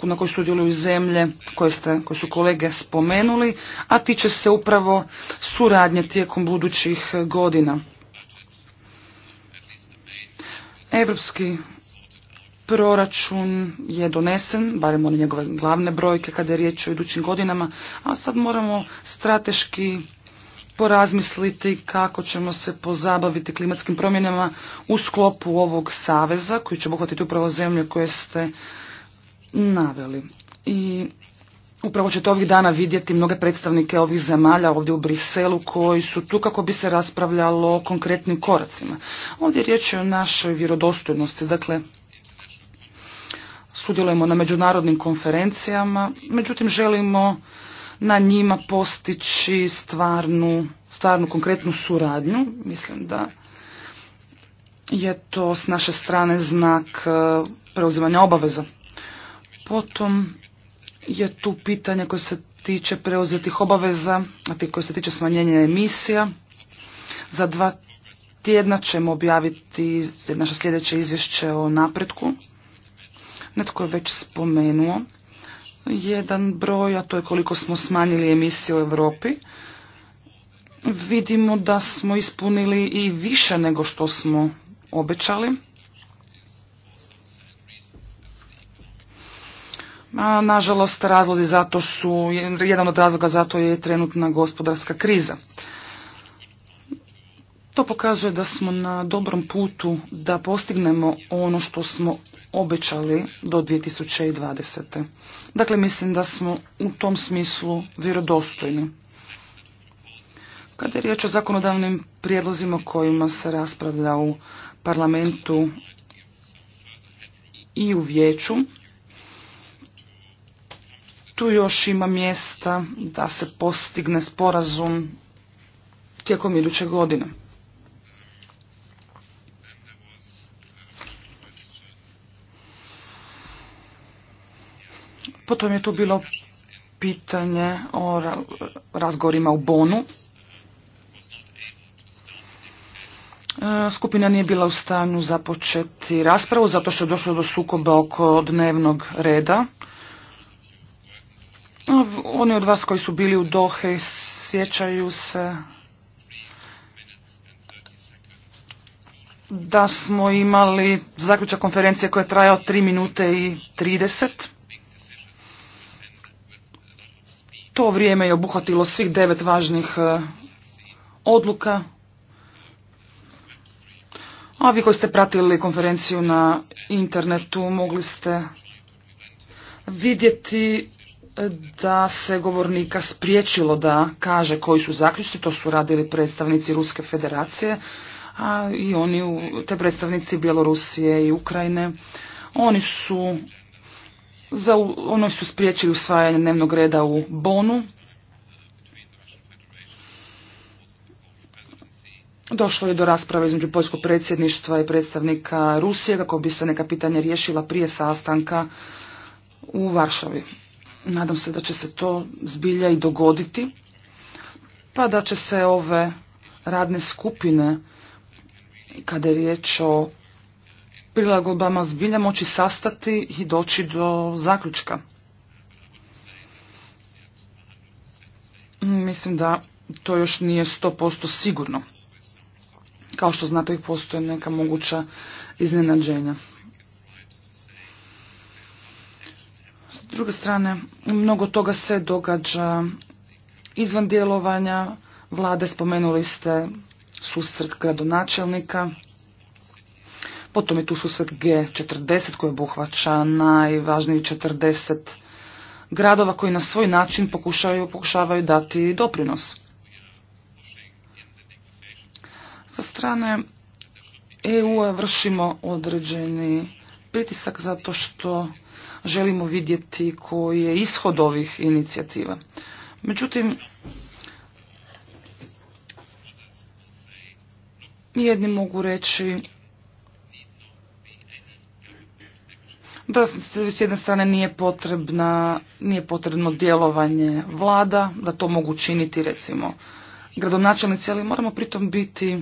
na kojoj sudjeluju zemlje koje, ste, koje su kolege spomenuli, a tiče se upravo suradnje tijekom budućih godina. Europski proračun je donesen, barem one njegove glavne brojke kada je riječ o idućim godinama, a sad moramo strateški porazmisliti kako ćemo se pozabaviti klimatskim promjenama u sklopu ovog saveza koji će obuhvatiti upravo zemlje koje ste naveli. I upravo ćete ovih dana vidjeti mnoge predstavnike ovih zemalja ovdje u Briselu koji su tu kako bi se raspravljalo o konkretnim koracima. Ovdje je riječ o našoj vjerodostojnosti, dakle sudjelujemo na međunarodnim konferencijama, međutim želimo na njima postići stvarnu, stvarnu konkretnu suradnju. Mislim da je to s naše strane znak e, preuzimanja obaveza. Potom je tu pitanje koje se tiče preuzetih obaveza, a ti koje se tiče smanjenja emisija. Za dva tjedna ćemo objaviti naše sljedeće izvješće o napretku. Netko je već spomenuo jedan broj, a to je koliko smo smanjili emisije u Europi. Vidimo da smo ispunili i više nego što smo obećali. nažalost, razlozi zato su, jedan od razloga zato je trenutna gospodarska kriza. To pokazuje da smo na dobrom putu da postignemo ono što smo obećali do 2020. Dakle, mislim da smo u tom smislu vjerodostojni. Kada je riječ o zakonodavnim prijedlozima kojima se raspravlja u parlamentu i u vijeću, tu još ima mjesta da se postigne sporazum tijekom iduće godine. Potom je tu bilo pitanje o razgovorima u Bonu. E, skupina nije bila u stanju započeti raspravu zato što je došlo do sukoba oko dnevnog reda. Oni od vas koji su bili u Dohe sjećaju se da smo imali zaključak konferencije koja je trajao 3 minute i 30 To vrijeme je obuhvatilo svih devet važnih e, odluka. A vi koji ste pratili konferenciju na internetu mogli ste vidjeti e, da se govornika spriječilo da kaže koji su zaključci, to su radili predstavnici Ruske federacije, a i oni, te predstavnici Bjelorusije i Ukrajine, oni su za, ono su spriječili usvajanje dnevnog reda u Bonu. Došlo je do rasprave između poljskog predsjedništva i predstavnika Rusije kako bi se neka pitanja riješila prije sastanka u Varšavi. Nadam se da će se to zbilja i dogoditi, pa da će se ove radne skupine, kada je riječ o prilagodbama zbilja moći sastati i doći do zaključka. Mislim da to još nije 100% sigurno. Kao što znate, postoje neka moguća iznenađenja. S druge strane, mnogo toga se događa izvan djelovanja vlade, spomenuli ste susret gradonačelnika, Potom je tu susret G40 koji obuhvaća najvažniji 40 gradova koji na svoj način pokušavaju dati doprinos. Sa strane EU vršimo određeni pritisak zato što želimo vidjeti koji je ishod ovih inicijativa. Međutim, jedni mogu reći da s jedne strane nije, potrebna, nije potrebno djelovanje vlada, da to mogu činiti recimo gradonačelnici, ali moramo pritom biti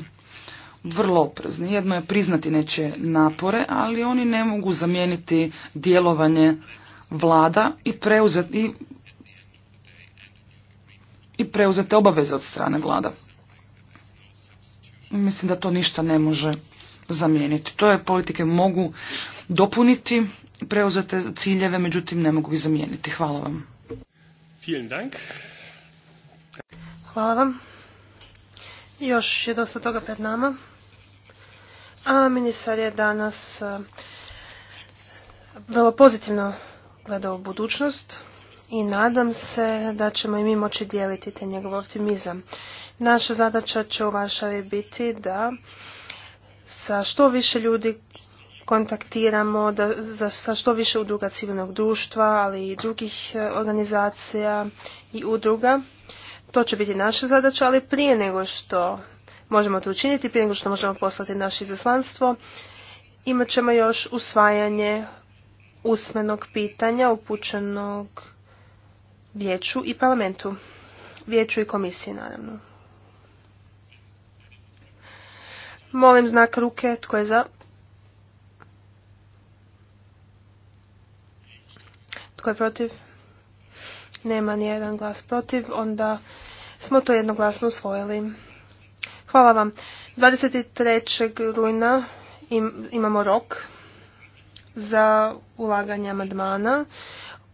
vrlo oprezni. Jedno je priznati neće napore, ali oni ne mogu zamijeniti djelovanje vlada i preuzeti i, i preuzete obaveze od strane vlada. Mislim da to ništa ne može zamijeniti. To je politike mogu dopuniti, preuzete ciljeve, međutim ne mogu ih zamijeniti. Hvala vam. Hvala vam. Još je dosta toga pred nama. A ministar je danas e, vrlo pozitivno gledao u budućnost i nadam se da ćemo i mi moći dijeliti te njegov optimizam. Naša zadaća će u vašoj biti da sa što više ljudi kontaktiramo da, za, sa što više udruga civilnog društva, ali i drugih e, organizacija i udruga. To će biti naša zadaća, ali prije nego što možemo to učiniti, prije nego što možemo poslati naše izaslanstvo, imat ćemo još usvajanje usmenog pitanja upućenog vijeću i parlamentu. Vijeću i komisiji, naravno. Molim znak ruke, tko je za? Tko je protiv? Nema nijedan glas protiv. Onda smo to jednoglasno usvojili. Hvala vam. 23. rujna imamo rok za ulaganje amandmana.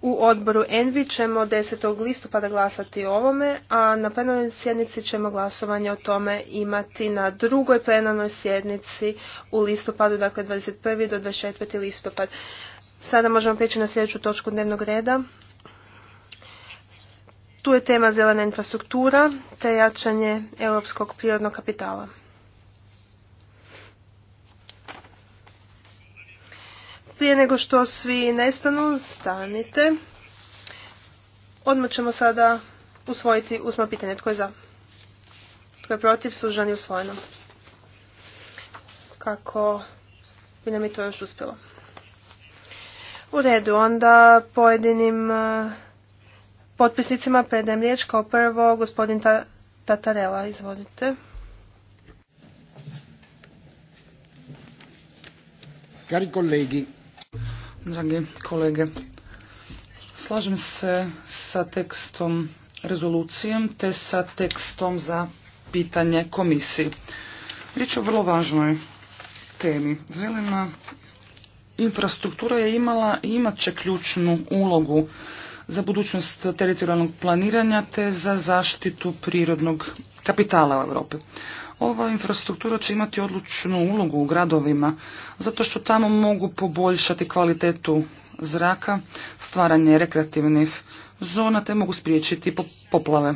U odboru Envi ćemo 10. listopada glasati o ovome, a na plenarnoj sjednici ćemo glasovanje o tome imati na drugoj plenarnoj sjednici u listopadu, dakle 21. do 24. listopad. Sada možemo prijeći na sljedeću točku dnevnog reda. Tu je tema zelena infrastruktura te jačanje europskog prirodnog kapitala. Prije nego što svi nestanu, stanite. Odmah ćemo sada usvojiti usma pitanje. Tko je za? Tko je protiv? Sužan je usvojeno. Kako bi nam i to još uspjelo. U redu, onda pojedinim e, potpisnicima predajem riječ kao prvo gospodin Tatarela, izvolite. Cari colleghi. Dragi kolege, slažem se sa tekstom rezolucijem te sa tekstom za pitanje komisiji. Riječ o vrlo važnoj temi. Zelena infrastruktura je imala i imat će ključnu ulogu za budućnost teritorijalnog planiranja te za zaštitu prirodnog kapitala u Europi. Ova infrastruktura će imati odlučnu ulogu u gradovima zato što tamo mogu poboljšati kvalitetu zraka, stvaranje rekreativnih zona te mogu spriječiti poplave.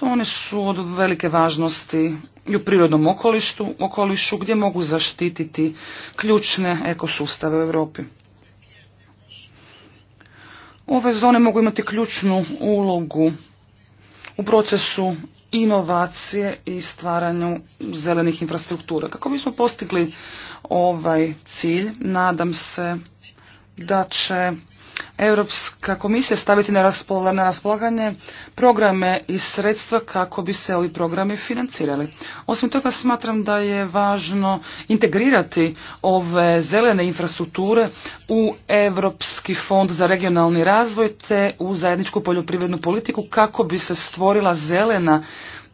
To one su od velike važnosti i u prirodnom okolištu, okolišu gdje mogu zaštititi ključne ekosustave u Europi. Ove zone mogu imati ključnu ulogu u procesu inovacije i stvaranju zelenih infrastruktura. Kako bismo postigli ovaj cilj, nadam se da će Europska komisija staviti na raspolaganje programe i sredstva kako bi se ovi programi financirali. Osim toga smatram da je važno integrirati ove zelene infrastrukture u Europski fond za regionalni razvoj te u zajedničku poljoprivrednu politiku kako bi se stvorila zelena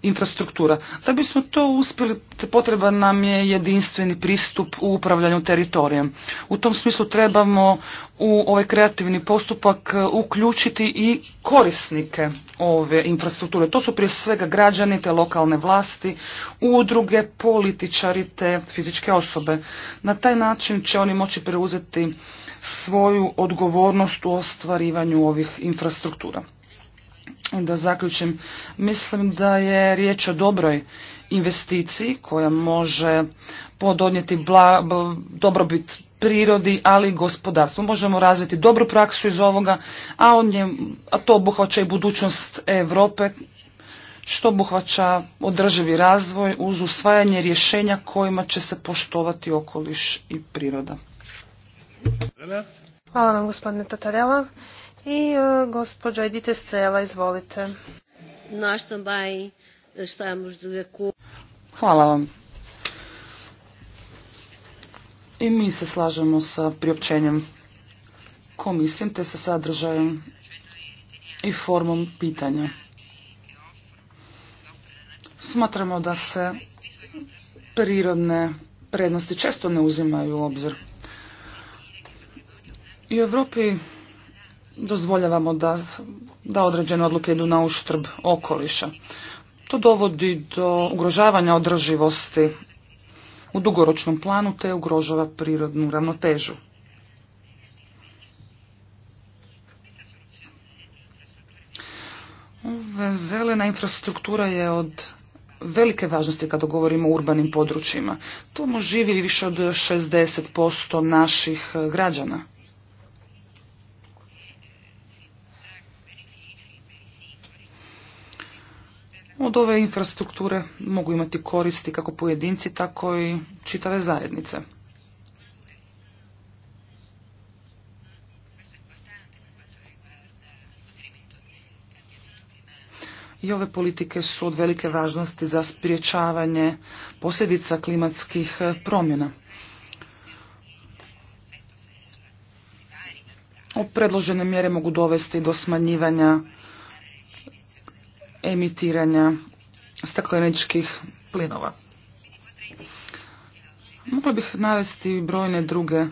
infrastruktura. Da bismo to uspjeli, potreban nam je jedinstveni pristup u upravljanju teritorijem. U tom smislu trebamo u ovaj kreativni postupak e, uključiti i korisnike ove infrastrukture. To su prije svega građani te lokalne vlasti, udruge, političari te fizičke osobe. Na taj način će oni moći preuzeti svoju odgovornost u ostvarivanju ovih infrastruktura. Da zaključim, mislim da je riječ o dobroj investiciji koja može podonijeti dobrobit prirodi, ali i gospodarstvu. Možemo razviti dobru praksu iz ovoga, a, on je, a to obuhvaća i budućnost Europe, što obuhvaća održivi razvoj uz usvajanje rješenja kojima će se poštovati okoliš i priroda. Hvala vam gospodine Tatarela. I e, gospođa Edite Strela, izvolite. Hvala vam. I mi se slažemo sa priopćenjem komisijem te sa sadržajem i formom pitanja. Smatramo da se prirodne prednosti često ne uzimaju u obzir. I u Evropi dozvoljavamo da, da određene odluke idu na uštrb okoliša. To dovodi do ugrožavanja održivosti u dugoročnom planu te ugrožava prirodnu ravnotežu. zelena infrastruktura je od velike važnosti kada govorimo o urbanim područjima. tu živi više od 60% naših građana. Od ove infrastrukture mogu imati koristi kako pojedinci, tako i čitave zajednice. I ove politike su od velike važnosti za spriječavanje posljedica klimatskih e, promjena. Predložene mjere mogu dovesti do smanjivanja emitiranja stakleničkih plinova. Mogla bih navesti brojne druge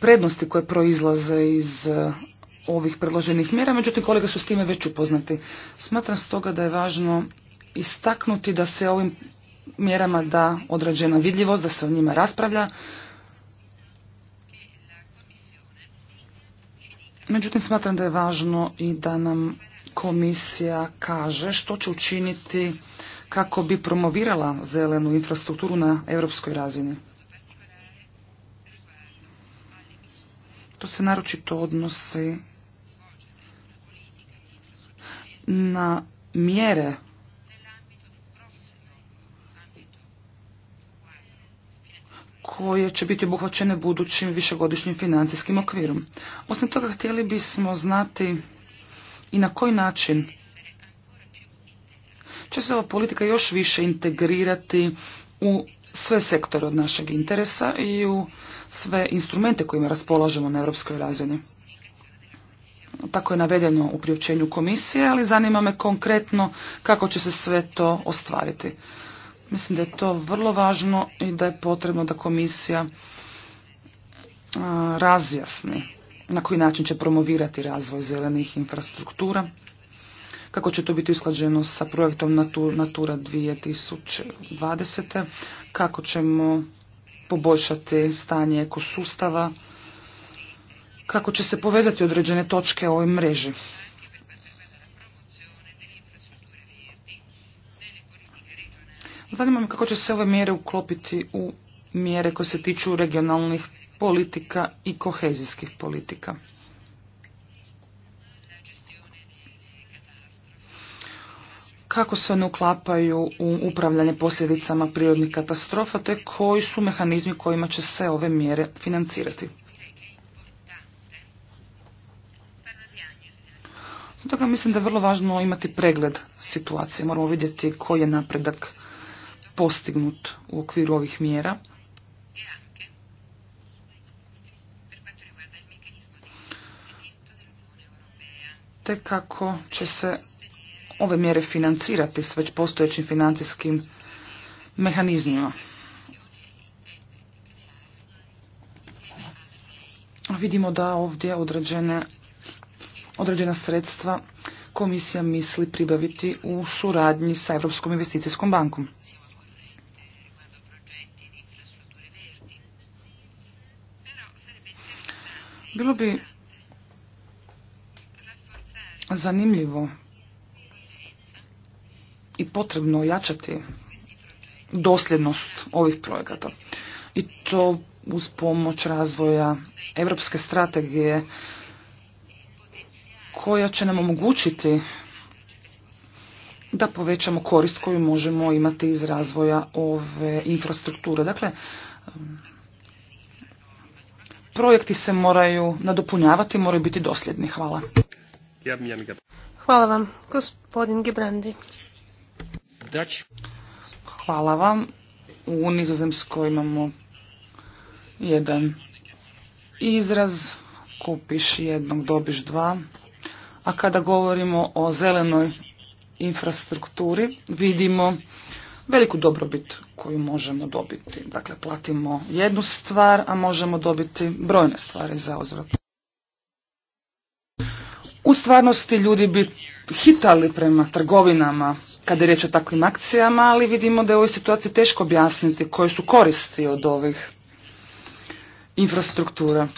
prednosti koje proizlaze iz e, ovih predloženih mjera, međutim kolega su s time već upoznati. Smatram stoga da je važno istaknuti da se ovim mjerama da određena vidljivost, da se o njima raspravlja. Međutim, smatram da je važno i da nam komisija kaže što će učiniti kako bi promovirala zelenu infrastrukturu na europskoj razini. To se naročito odnosi na mjere koje će biti obuhvaćene budućim višegodišnjim financijskim okvirom. Osim toga htjeli bismo znati i na koji način će se ova politika još više integrirati u sve sektore od našeg interesa i u sve instrumente kojima raspolažemo na europskoj razini. Tako je navedeno u priopćenju komisije, ali zanima me konkretno kako će se sve to ostvariti. Mislim da je to vrlo važno i da je potrebno da komisija razjasni na koji način će promovirati razvoj zelenih infrastruktura, kako će to biti usklađeno sa projektom Natura 2020, kako ćemo poboljšati stanje ekosustava, kako će se povezati određene točke ovoj mreži. Zanima me kako će se ove mjere uklopiti u mjere koje se tiču regionalnih politika i kohezijskih politika. kako se one uklapaju u upravljanje posljedicama prirodnih katastrofa te koji su mehanizmi kojima će se ove mjere financirati. Stoga mislim da je vrlo važno imati pregled situacije. Moramo vidjeti koji je napredak postignut u okviru ovih mjera. te kako će se ove mjere financirati s već postojećim financijskim mehanizmima. Vidimo da ovdje određene, određena sredstva komisija misli pribaviti u suradnji sa Europskom investicijskom bankom. Bilo bi zanimljivo i potrebno ojačati dosljednost ovih projekata. I to uz pomoć razvoja evropske strategije koja će nam omogućiti da povećamo korist koju možemo imati iz razvoja ove infrastrukture. Dakle, projekti se moraju nadopunjavati, moraju biti dosljedni. Hvala. Hvala vam, gospodin Gibrandi. Hvala vam. U Nizozemskoj imamo jedan izraz, kupiš jednog, dobiš dva. A kada govorimo o zelenoj infrastrukturi, vidimo veliku dobrobit koju možemo dobiti. Dakle, platimo jednu stvar, a možemo dobiti brojne stvari za u stvarnosti ljudi bi hitali prema trgovinama kada je riječ o takvim akcijama, ali vidimo da je u ovoj situaciji teško objasniti koje su koristi od ovih infrastruktura.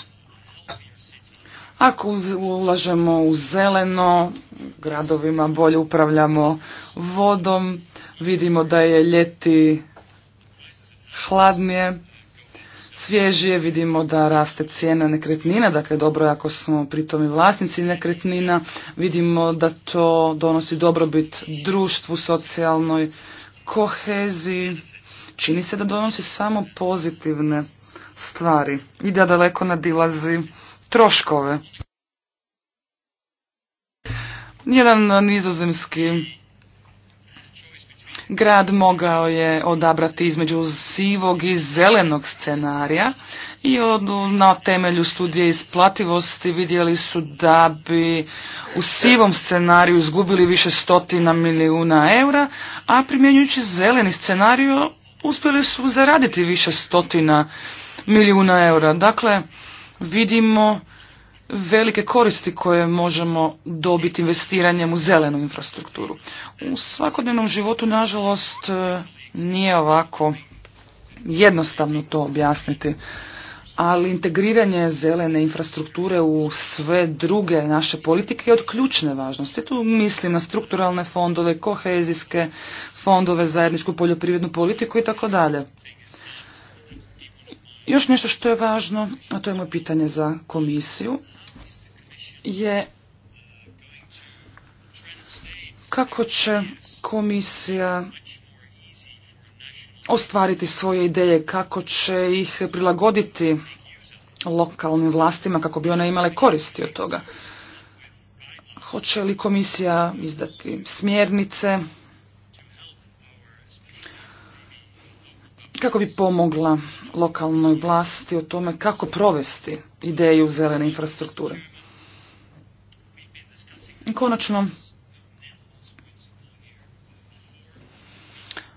Ako ulažemo u zeleno, gradovima bolje upravljamo vodom, vidimo da je ljeti hladnije, svježije, vidimo da raste cijena nekretnina, dakle dobro je ako smo pritom i vlasnici nekretnina, vidimo da to donosi dobrobit društvu, socijalnoj koheziji, čini se da donosi samo pozitivne stvari i da daleko nadilazi troškove. Jedan nizozemski Grad mogao je odabrati između sivog i zelenog scenarija i od, na temelju studije isplativosti vidjeli su da bi u sivom scenariju izgubili više stotina milijuna eura, a primjenjujući zeleni scenariju uspjeli su zaraditi više stotina milijuna eura. Dakle, vidimo velike koristi koje možemo dobiti investiranjem u zelenu infrastrukturu. U svakodnevnom životu, nažalost, e, nije ovako jednostavno to objasniti, ali integriranje zelene infrastrukture u sve druge naše politike je od ključne važnosti. Tu mislim na strukturalne fondove, kohezijske fondove, zajedničku poljoprivrednu politiku i tako dalje. Još nešto što je važno, a to je moje pitanje za komisiju, je kako će komisija ostvariti svoje ideje, kako će ih prilagoditi lokalnim vlastima kako bi one imale koristi od toga. Hoće li komisija izdati smjernice, kako bi pomogla lokalnoj vlasti o tome kako provesti ideju zelene infrastrukture. I konačno,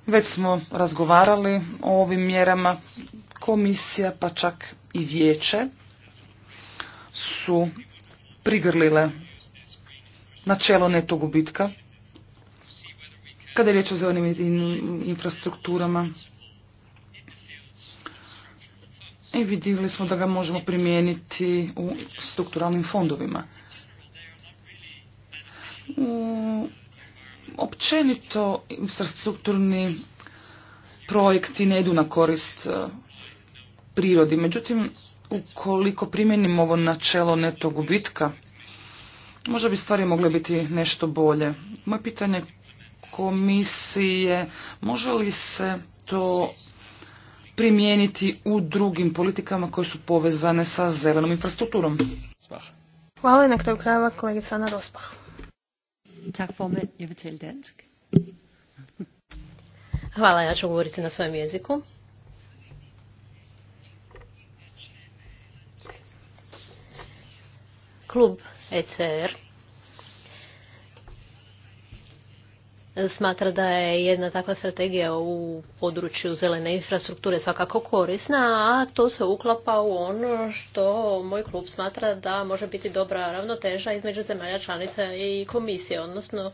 već smo razgovarali o ovim mjerama komisija pa čak i vijeće su prigrlile načelo neto gubitka kada je riječ o zelenim infrastrukturama i vidjeli smo da ga možemo primijeniti u strukturalnim fondovima. Općenito infrastrukturni projekti ne idu na korist e, prirodi. Međutim, ukoliko primjenimo ovo načelo netog gubitka, možda bi stvari mogle biti nešto bolje. Moje pitanje komisije, može li se to primijeniti u drugim politikama koje su povezane sa zelenom infrastrukturom. Hvala i na kraju krajeva kolegica Ana Rospah. Hvala, ja ću govoriti na svojem jeziku. Klub ECR smatra da je jedna takva strategija u području zelene infrastrukture svakako korisna, a to se uklapa u ono što moj klub smatra da može biti dobra ravnoteža između zemalja članica i komisije, odnosno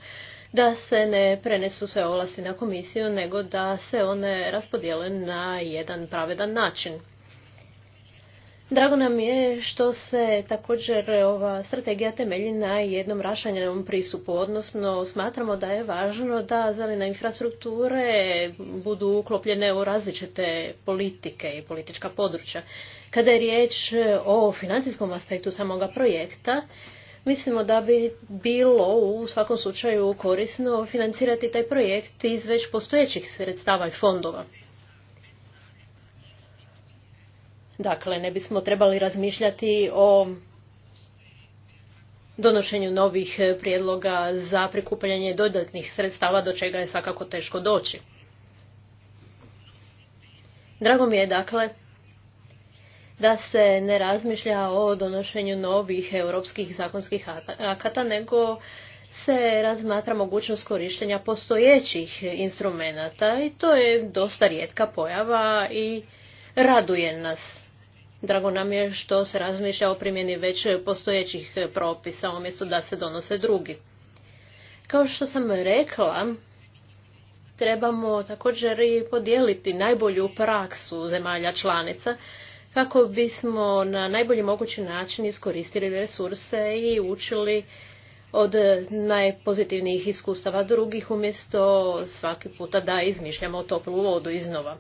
da se ne prenesu sve ovlasti na komisiju, nego da se one raspodijele na jedan pravedan način. Drago nam je što se također ova strategija temelji na jednom rašanjenom pristupu, odnosno smatramo da je važno da zelene infrastrukture budu uklopljene u različite politike i politička područja. Kada je riječ o financijskom aspektu samoga projekta, Mislimo da bi bilo u svakom slučaju korisno financirati taj projekt iz već postojećih sredstava i fondova. Dakle, ne bismo trebali razmišljati o donošenju novih prijedloga za prikupljanje dodatnih sredstava do čega je svakako teško doći. Drago mi je dakle da se ne razmišlja o donošenju novih europskih zakonskih akata, nego se razmatra mogućnost korištenja postojećih instrumenata i to je dosta rijetka pojava i raduje nas. Drago nam je što se razmišlja o primjeni već postojećih propisa umjesto da se donose drugi. Kao što sam rekla, trebamo također i podijeliti najbolju praksu zemalja članica kako bismo na najbolji mogući način iskoristili resurse i učili od najpozitivnijih iskustava drugih umjesto svaki puta da izmišljamo toplu vodu iznova.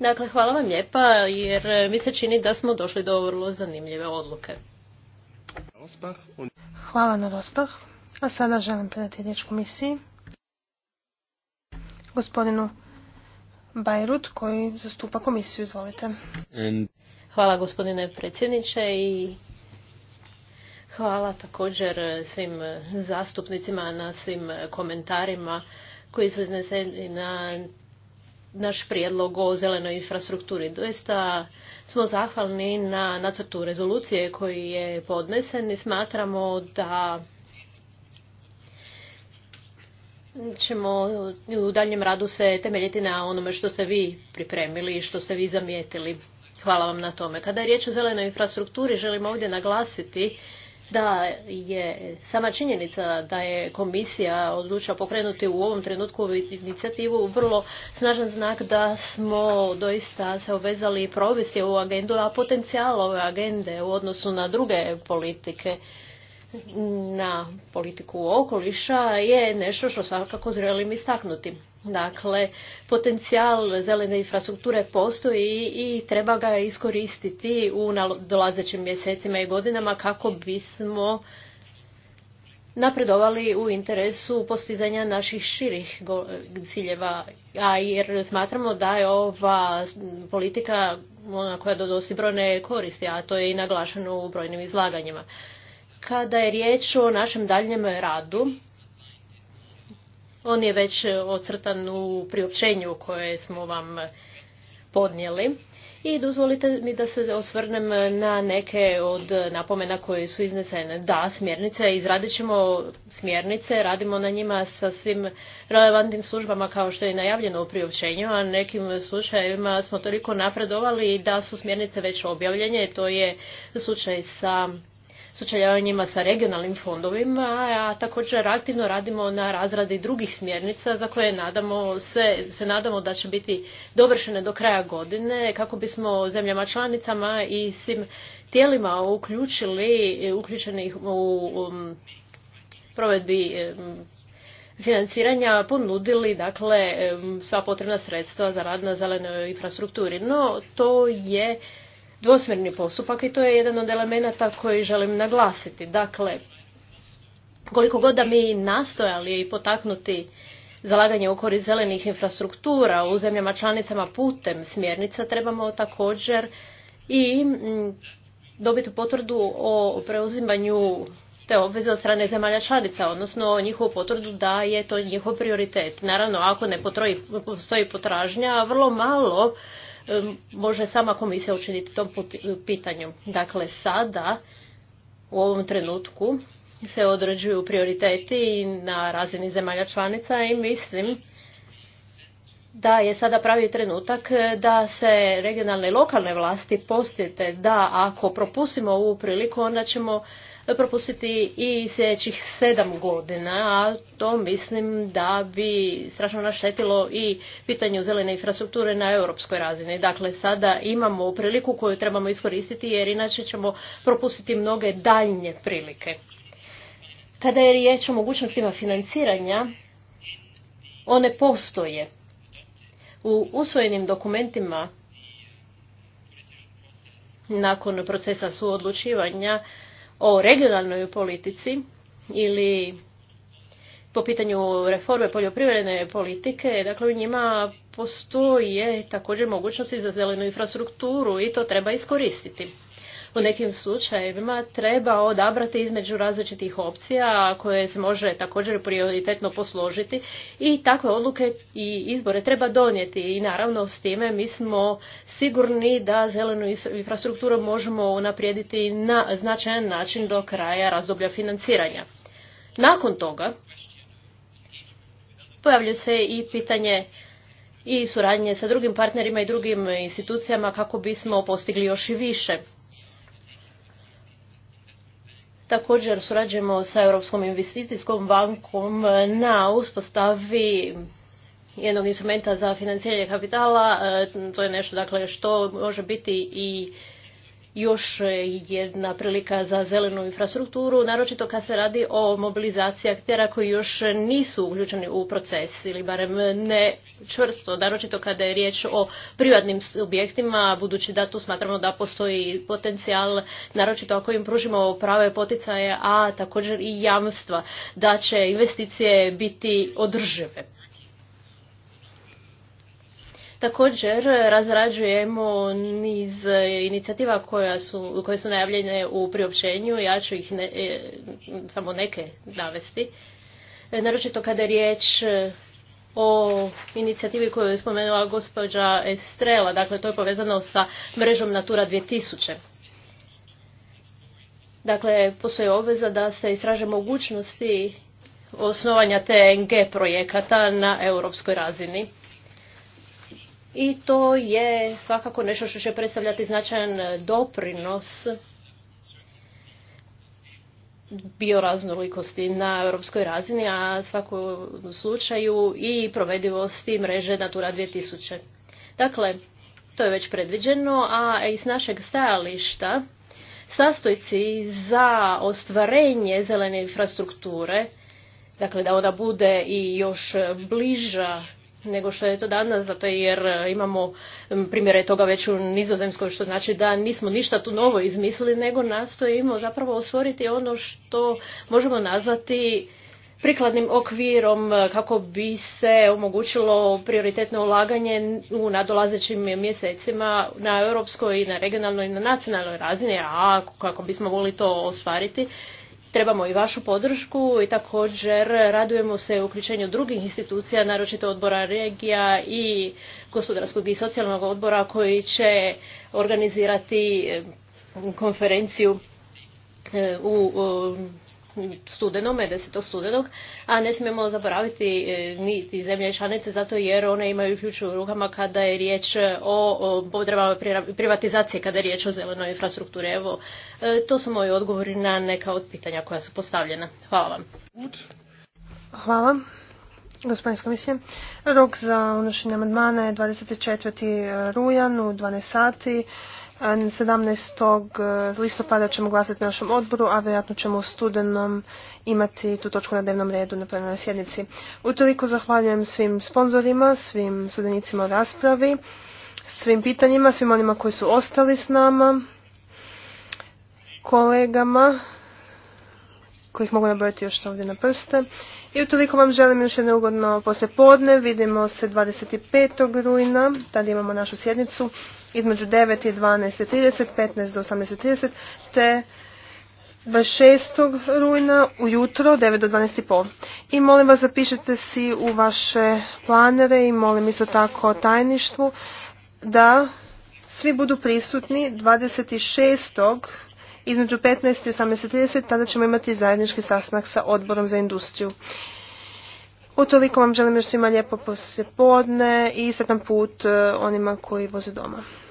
Dakle, hvala vam lijepa jer mi se čini da smo došli do vrlo zanimljive odluke. Hvala na Rospah. A sada želim predati riječ komisiji gospodinu Bajrut koji zastupa komisiju. Izvolite. Hvala gospodine predsjedniče i hvala također svim zastupnicima na svim komentarima koji su izneseni na naš prijedlog o zelenoj infrastrukturi. Doista smo zahvalni na nacrtu rezolucije koji je podnesen i smatramo da ćemo u daljem radu se temeljiti na onome što ste vi pripremili i što ste vi zamijetili. Hvala vam na tome. Kada je riječ o zelenoj infrastrukturi, želim ovdje naglasiti da je sama činjenica da je komisija odlučila pokrenuti u ovom trenutku inicijativu vrlo snažan znak da smo doista se obvezali provesti ovu agendu, a potencijal ove agende u odnosu na druge politike na politiku okoliša je nešto što svakako želim istaknuti. Dakle, potencijal zelene infrastrukture postoji i treba ga iskoristiti u dolazećim mjesecima i godinama kako bismo napredovali u interesu postizanja naših širih ciljeva, a jer smatramo da je ova politika ona koja donosi brojne koristi, a to je i naglašeno u brojnim izlaganjima kada je riječ o našem daljnjem radu. On je već ocrtan u priopćenju koje smo vam podnijeli. I dozvolite mi da se osvrnem na neke od napomena koje su iznesene. Da, smjernice, izradit ćemo smjernice, radimo na njima sa svim relevantnim službama kao što je najavljeno u priopćenju, a nekim slučajevima smo toliko napredovali da su smjernice već objavljenje. To je slučaj sa sučeljavanjima sa regionalnim fondovima, a također aktivno radimo na razradi drugih smjernica za koje nadamo se, se nadamo da će biti dovršene do kraja godine kako bismo zemljama članicama i svim tijelima uključili, uključenih u provedbi financiranja ponudili dakle sva potrebna sredstva za rad na zelenoj infrastrukturi. No to je dvosmjerni postupak i to je jedan od elemenata koji želim naglasiti. Dakle, koliko god da mi nastojali potaknuti zalaganje u korist zelenih infrastruktura u zemljama članicama putem smjernica, trebamo također i mm, dobiti potvrdu o preuzimanju te obveze od strane zemalja članica, odnosno njihovu potvrdu da je to njihov prioritet. Naravno, ako ne postoji potražnja, vrlo malo E, može sama komisija učiniti tom e, pitanju. Dakle, sada u ovom trenutku se određuju prioriteti na razini zemalja članica i mislim da je sada pravi trenutak da se regionalne i lokalne vlasti postijete da ako propusimo ovu priliku onda ćemo propustiti i sljedećih sedam godina, a to mislim da bi strašno naštetilo i pitanju zelene infrastrukture na europskoj razini. Dakle, sada imamo priliku koju trebamo iskoristiti jer inače ćemo propustiti mnoge daljnje prilike. Kada je riječ o mogućnostima financiranja, one postoje. U usvojenim dokumentima nakon procesa suodlučivanja o regionalnoj politici ili po pitanju reforme poljoprivredne politike, dakle u njima postoje također mogućnosti za zelenu infrastrukturu i to treba iskoristiti u nekim slučajevima treba odabrati između različitih opcija koje se može također prioritetno posložiti i takve odluke i izbore treba donijeti i naravno s time mi smo sigurni da zelenu infrastrukturu možemo unaprijediti na značajan način do kraja razdoblja financiranja. Nakon toga pojavljuje se i pitanje i suradnje sa drugim partnerima i drugim institucijama kako bismo postigli još i više. Također surađujemo sa Europskom investicijskom bankom na uspostavi jednog instrumenta za financiranje kapitala. E, to je nešto dakle, što može biti i još e, jedna prilika za zelenu infrastrukturu, naročito kad se radi o mobilizaciji aktera koji još nisu uključeni u proces ili barem ne čvrsto, naročito kada je riječ o privatnim subjektima, budući da tu smatramo da postoji potencijal, naročito ako im pružimo prave poticaje, a također i jamstva da će investicije biti održive. Također razrađujemo niz e, inicijativa koje su najavljene u priopćenju, ja ću ih e, samo neke navesti. E, naročito kada je riječ o inicijativi koju je spomenula gospođa Estrela, dakle to je povezano sa mrežom Natura 2000. Dakle, postoji obveza da se istraže mogućnosti osnovanja TNG projekata na europskoj razini i to je svakako nešto što će predstavljati značajan e, doprinos bioraznolikosti na europskoj razini, a svakom slučaju i provedivosti mreže Natura 2000. Dakle, to je već predviđeno, a iz našeg stajališta sastojci za ostvarenje zelene infrastrukture, dakle da ona bude i još bliža nego što je to danas, zato jer e, imamo primjere toga već u nizozemskoj, što znači da nismo ništa tu novo izmislili, nego nastojimo zapravo osvoriti ono što možemo nazvati prikladnim okvirom e, kako bi se omogućilo prioritetno ulaganje u nadolazećim mjesecima na europskoj i na regionalnoj i na nacionalnoj razini, a kako bismo voli to ostvariti, trebamo i vašu podršku i također radujemo se uključenju drugih institucija, naročito odbora regija i gospodarskog i socijalnog odbora koji će organizirati eh, konferenciju eh, u studenome, 10. studenog, a ne smijemo zaboraviti e, niti zemlje članice zato jer one imaju ključ u rukama kada je riječ o potrebama privatizacije, kada je riječ o zelenoj infrastrukturi. Evo, e, to su moji odgovori na neka od pitanja koja su postavljena. Hvala vam. Hvala. Gospodin rok za unošenje amandmana je 24. E, rujan u 12 sati. 17. Eh, listopada ćemo glasati na našem odboru, a vjerojatno ćemo u studenom imati tu točku na dnevnom redu na plenarnoj sjednici. Utoliko zahvaljujem svim sponzorima, svim sudenicima u raspravi, svim pitanjima, svim onima koji su ostali s nama, kolegama kojih mogu nabrojati još ovdje na prste. I utoliko vam želim još jedno ugodno podne, Vidimo se 25. rujna, tada imamo našu sjednicu između 9 i 12.30, 15 do 18.30, te 26. rujna ujutro 9 do 12.30. I molim vas zapišite si u vaše planere i molim isto tako tajništvu da svi budu prisutni 26. rujna između 15 i 18.30 tada ćemo imati zajednički sastanak sa odborom za industriju. Utoliko vam želim još svima lijepo poslijepodne i sretan put eh, onima koji voze doma.